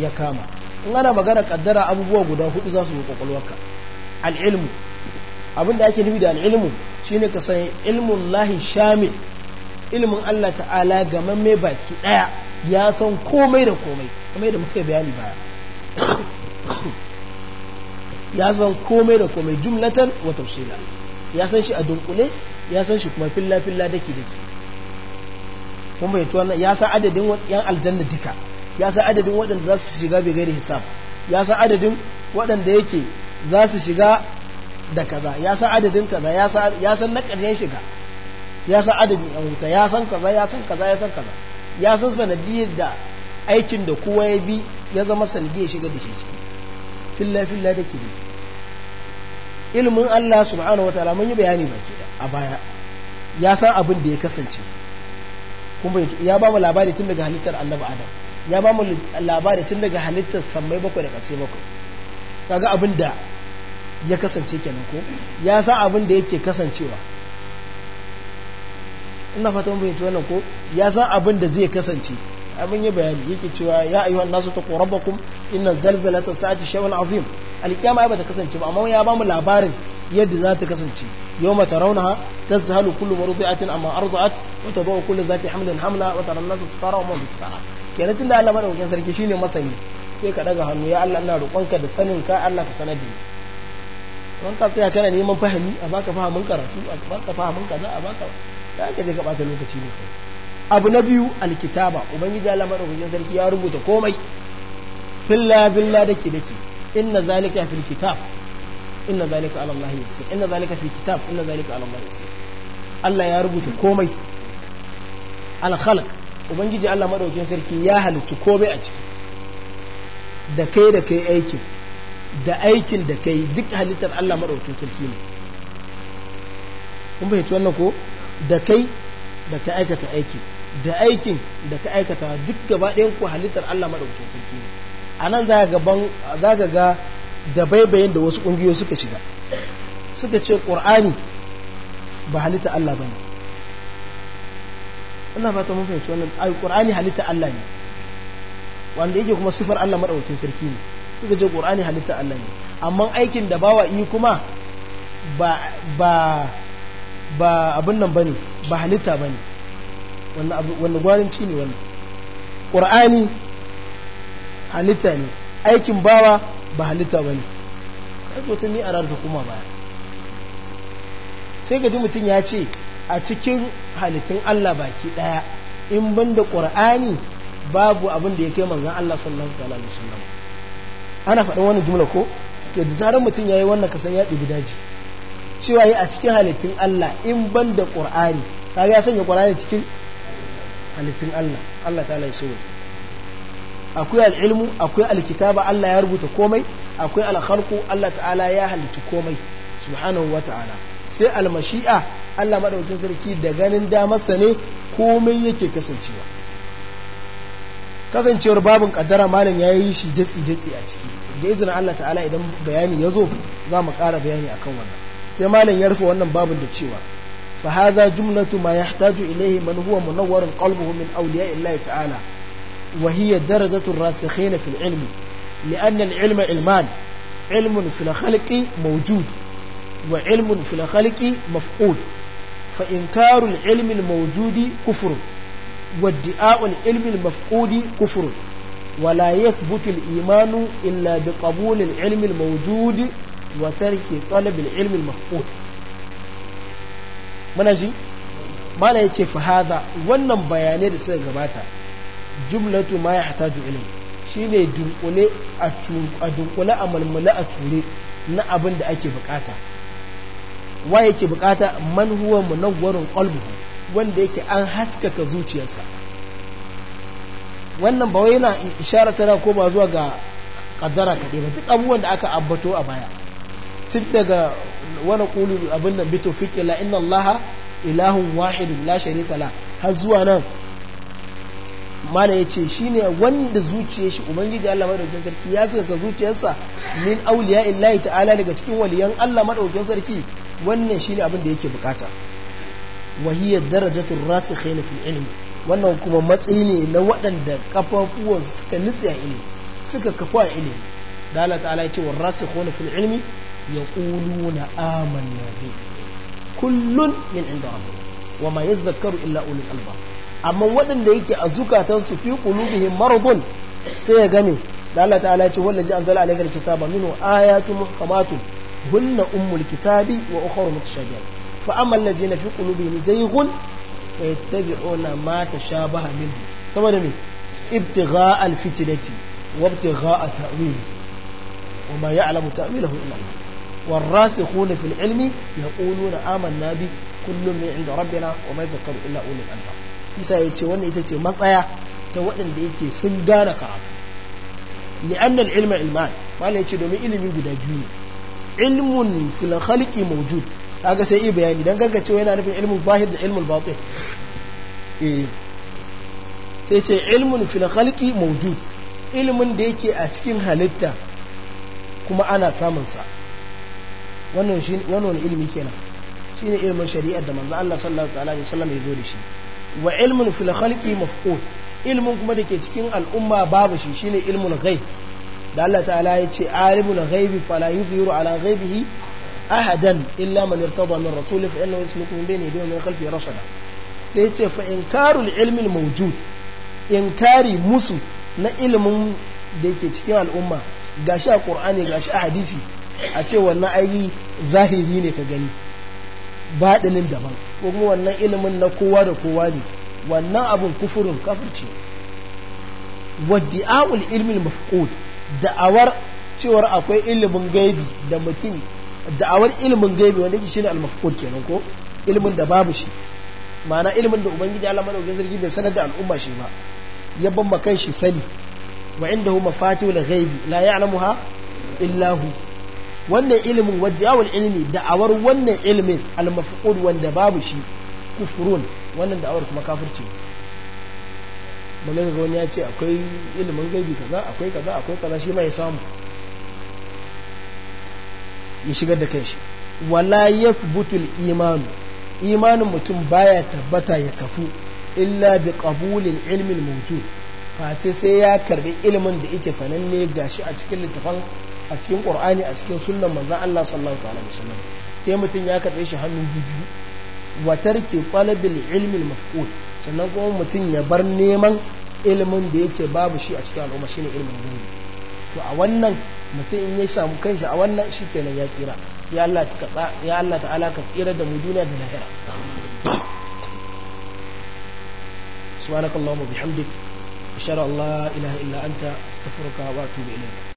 ya kama in ana magana kaddara abubuwa guda hudu za su yi kwakwalwarka al-ilmu abinda ake nufi da al-ilmu shine ka san ilmun lahi shamil ilimin Allah ta'ala gamamme baki daya ya san komai da komai kamar da muka bayani baya ya san komai da komai jumlatan wa tafsila ya san shi a dunkule ya san shi kuma filla filla dake dake kuma bai tuwa ya san adadin yan aljanna duka ya san adadin waɗanda za su shiga bai gairi hisab ya san adadin waɗanda yake za su shiga da kaza ya san adadin kaza ya san na ƙarshen shiga ya san adadin yan wuta ya san kaza ya san kaza ya san kaza ya san sanadiyar da aikin da kowa ya bi ya zama sanadiyar shiga da shi ciki filla filla da ke ilimin Allah subhanahu wa ta'ala mun yi bayani ke da a baya ya san abin da ya kasance kuma ya ba mu labari tun daga halittar annabi adam ya ba mu labari tun daga halittar sammai bakwai da ƙasai bakwai kaga abin da ya kasance kenan ko ya san abin da yake kasancewa ina fata mun bayyana wannan ko ya san abin da zai kasance abin ya bayani yake cewa ya ayyuha nasu taqu rabbakum inna ta sa'ati shay'un azim alkiyama ba ta kasance ba amma ya ba mu labarin yadda za ta kasance yawma tarawnaha tazhalu kullu murdi'atin amma arda'at wa tadau kullu zati hamlin hamla wa tara an-nasa sukara wa ma bisukara kenan tunda Allah madaukakin sarki shine masani sai ka daga hannu ya Allah ina roƙonka da sanin ka Allah ka sanar da ni tsaya neman fahimi a baka fahimin karatu a baka fahimin kaza a baka da ka lokaci ne kai abu na biyu alkitaba ubangiji Allah madaukakin sarki ya rubuta komai dake dake inna zalika fil kitab inna zalika ala Allah yasir inna zalika fil kitab inna zalika ala Allah yasir Allah ya rubuta komai al khalq ubangiji Allah madaukakin sarki ya halittu komai a ciki da kai da kai aikin da aikin da kai duk halittar Allah madaukakin sarki ne kun fahimci wannan ko da kai da ka aikata aiki da aikin da ka aikata duk gaba ɗayan ku halittar Allah maɗauki sarki ne a nan za ka ga da baibayin da wasu ƙungiyoyi suka shiga suka ce ƙur'ani ba halitta Allah ba ne ina fata mun fahimci wannan ai ƙur'ani halitta Allah ne wanda yake kuma sifar Allah maɗaukin sarki ne suka ce ƙur'ani halitta Allah ne amma aikin da bawa yi kuma ba ba abin nan bane ba halitta bane wannan wannan gwaranci ne wannan qur'ani halitta ne aikin bawa ba halitta bane kai ko tun ni a ranar kuma baya sai ga mutum ya ce a cikin halittun Allah baki daya in ban da qur'ani babu abin da ya kai manzon Allah sallallahu alaihi wasallam ana faɗin wannan jumla ko to da zarar mutum yayi wannan kasan ya ɗibi daji cewa yi a cikin halittun Allah in ban da ƙur'ani ta ya sanya ƙur'ani cikin halittun Allah Allah ta lai sowa akwai al'ilmu akwai alkitaba Allah ya rubuta komai akwai alkharku Allah ta'ala ya halittu komai subhanahu wa ta'ala sai almashi'a Allah maɗaukin sarki da ganin damarsa ne komai yake kasancewa kasancewar babin kaddara malam ya yi shi datsi datsi a ciki da izinin Allah ta'ala idan bayani ya zo za mu ƙara bayani akan wannan sai malam ya rufe wannan babin da cewa fa haza jumlatu ma yahtaju ilayhi man huwa munawwarun qalbuhu min awliya illahi ta'ala wa hiya darajatu rasikhin fil ilm li anna al ilma ilman ilmun fil khalqi mawjud wa ilmun fil khalqi maf'ul fa inkaru al ilm al mawjud kufr wa ad'a'u al ilm al maf'ul kufr ولا يثبت الإيمان إلا بقبول wa tarki talab al-ilm al-mafqud muna ji yace fa hada wannan bayanai da suka gabata jumlatu ma yahtaju ilm shine dunkule a a dunkule a malmala a ture na abin da ake bukata wa yake bukata man huwa munawwarun qalbi wanda yake an haskaka zuciyarsa wannan ba wai yana isharar ko ba zuwa ga kaddara kaɗai ba duk abubuwan da aka ambato a baya tun daga wani ƙuli abin da bito fiƙi la inna allaha ilahun wahidun la la har zuwa nan mana ya ce shi ne wanda zuciya shi ubangiji Allah maɗaukin sarki ya saka zuciyarsa min auliya illahi ta'ala daga cikin waliyan Allah maɗaukin sarki wannan shi ne abin da yake bukata wahiyar darajatun rasu khaina fil ilmi wannan kuma matsayi ne na waɗanda kafafuwan suka nutse a ilimi suka kafa a ilimi da Allah ta'ala ya ce wa rasu khaina fil ilmi يقولون آمنا به كل من عند ربنا وما يذكر إلا أولي الألباب amma waɗanda yake a zukatansu fi qulubihim maradun sai ya game da Allah ta'ala ya ce wallazi anzala alayka alkitaba minhu ayatun muhkamatun hunna ummul kitabi wa ukhra mutashabihat fa amma allazina fi qulubihim zayghun fa yattabi'una ma tashabaha minhu saboda me ibtigha wa ma والراسخون في العلم يقولون آمنا به كل من عند ربنا وما يذكر إلا أولي الألباب isa ya ce wannan ita ce matsaya ta waɗanda yake sun gane karatu li'anna ilma ilman malai ce domin ilimi guda biyu ne ilmun fil khalqi mawjud kaga sai yi bayani dan gaga yana nufin ilmul da ilmul batin E! sai ce ilmun fil maujud ilmin da yake a cikin halitta kuma ana samun sa wannan shi wannan ilimi kenan shine ilmin shari'ar da manzo Allah sallallahu alaihi wasallam ya zo da shi wa ilmun fil khalqi mafqud ilmin kuma dake cikin al'umma babu shi shine ilmun ghaib da Allah ta'ala ya ce alimul ghaibi fala yuzhiru ala ghaibihi ahadan illa man irtada min rasul fa innahu yasluku min bayni yadayhi min khalfihi rashada sai ya ce fa inkarul ilmi al mawjud inkari musu na ilmin da yake cikin al'umma gashi a qur'ani gashi a hadisi a ce wannan aiki zahiri ne ka gani baɗinin daban ko kuma wannan ilimin na kowa da kowa ne wannan abun kufurin kafirci wadda'a'ul ilmin mafqud da'awar cewar akwai ilimin gaibi da mutum da'awar ilimin gaibi wanda yake shine al-mafqud kenan ko ilimin da babu shi ma'ana ilimin da ubangiji Allah madaukakin sarki bai sanar da al'umma shi ba ya bamba kan shi sani wa indahu mafatihul ghaibi la ya'lamuha illa hu wannan ilimin wadda ilimi da'awar wannan ilimin almafqud wanda babu shi kufurun wannan da'awar kuma kafirci malaga wani ya ce akwai ilimin gaibi kaza akwai kaza akwai kaza shi ma ya samu ya shigar da kanshi wala butul imanu imanin mutum baya tabbata ya kafu illa bi qabulil ilmin mawjud face sai ya karbi ilimin da yake sananne gashi a cikin littafin a cikin qur'ani a cikin sunnan manzon Allah sallallahu alaihi wasallam sai mutum ya karbe shi hannu biyu wa tarki talabil ilmi sannan kuma mutum ya bar neman ilimin da yake babu shi a cikin al'umma shine ilimin gani to a wannan mutum in ya samu kanshi a wannan shikenan ya tsira ya Allah ya Allah ta'ala ka tsira da mu duniya da lahira subhanakallahumma bihamdik ashhadu an la ilaha illa anta astaghfiruka wa atubu ilayk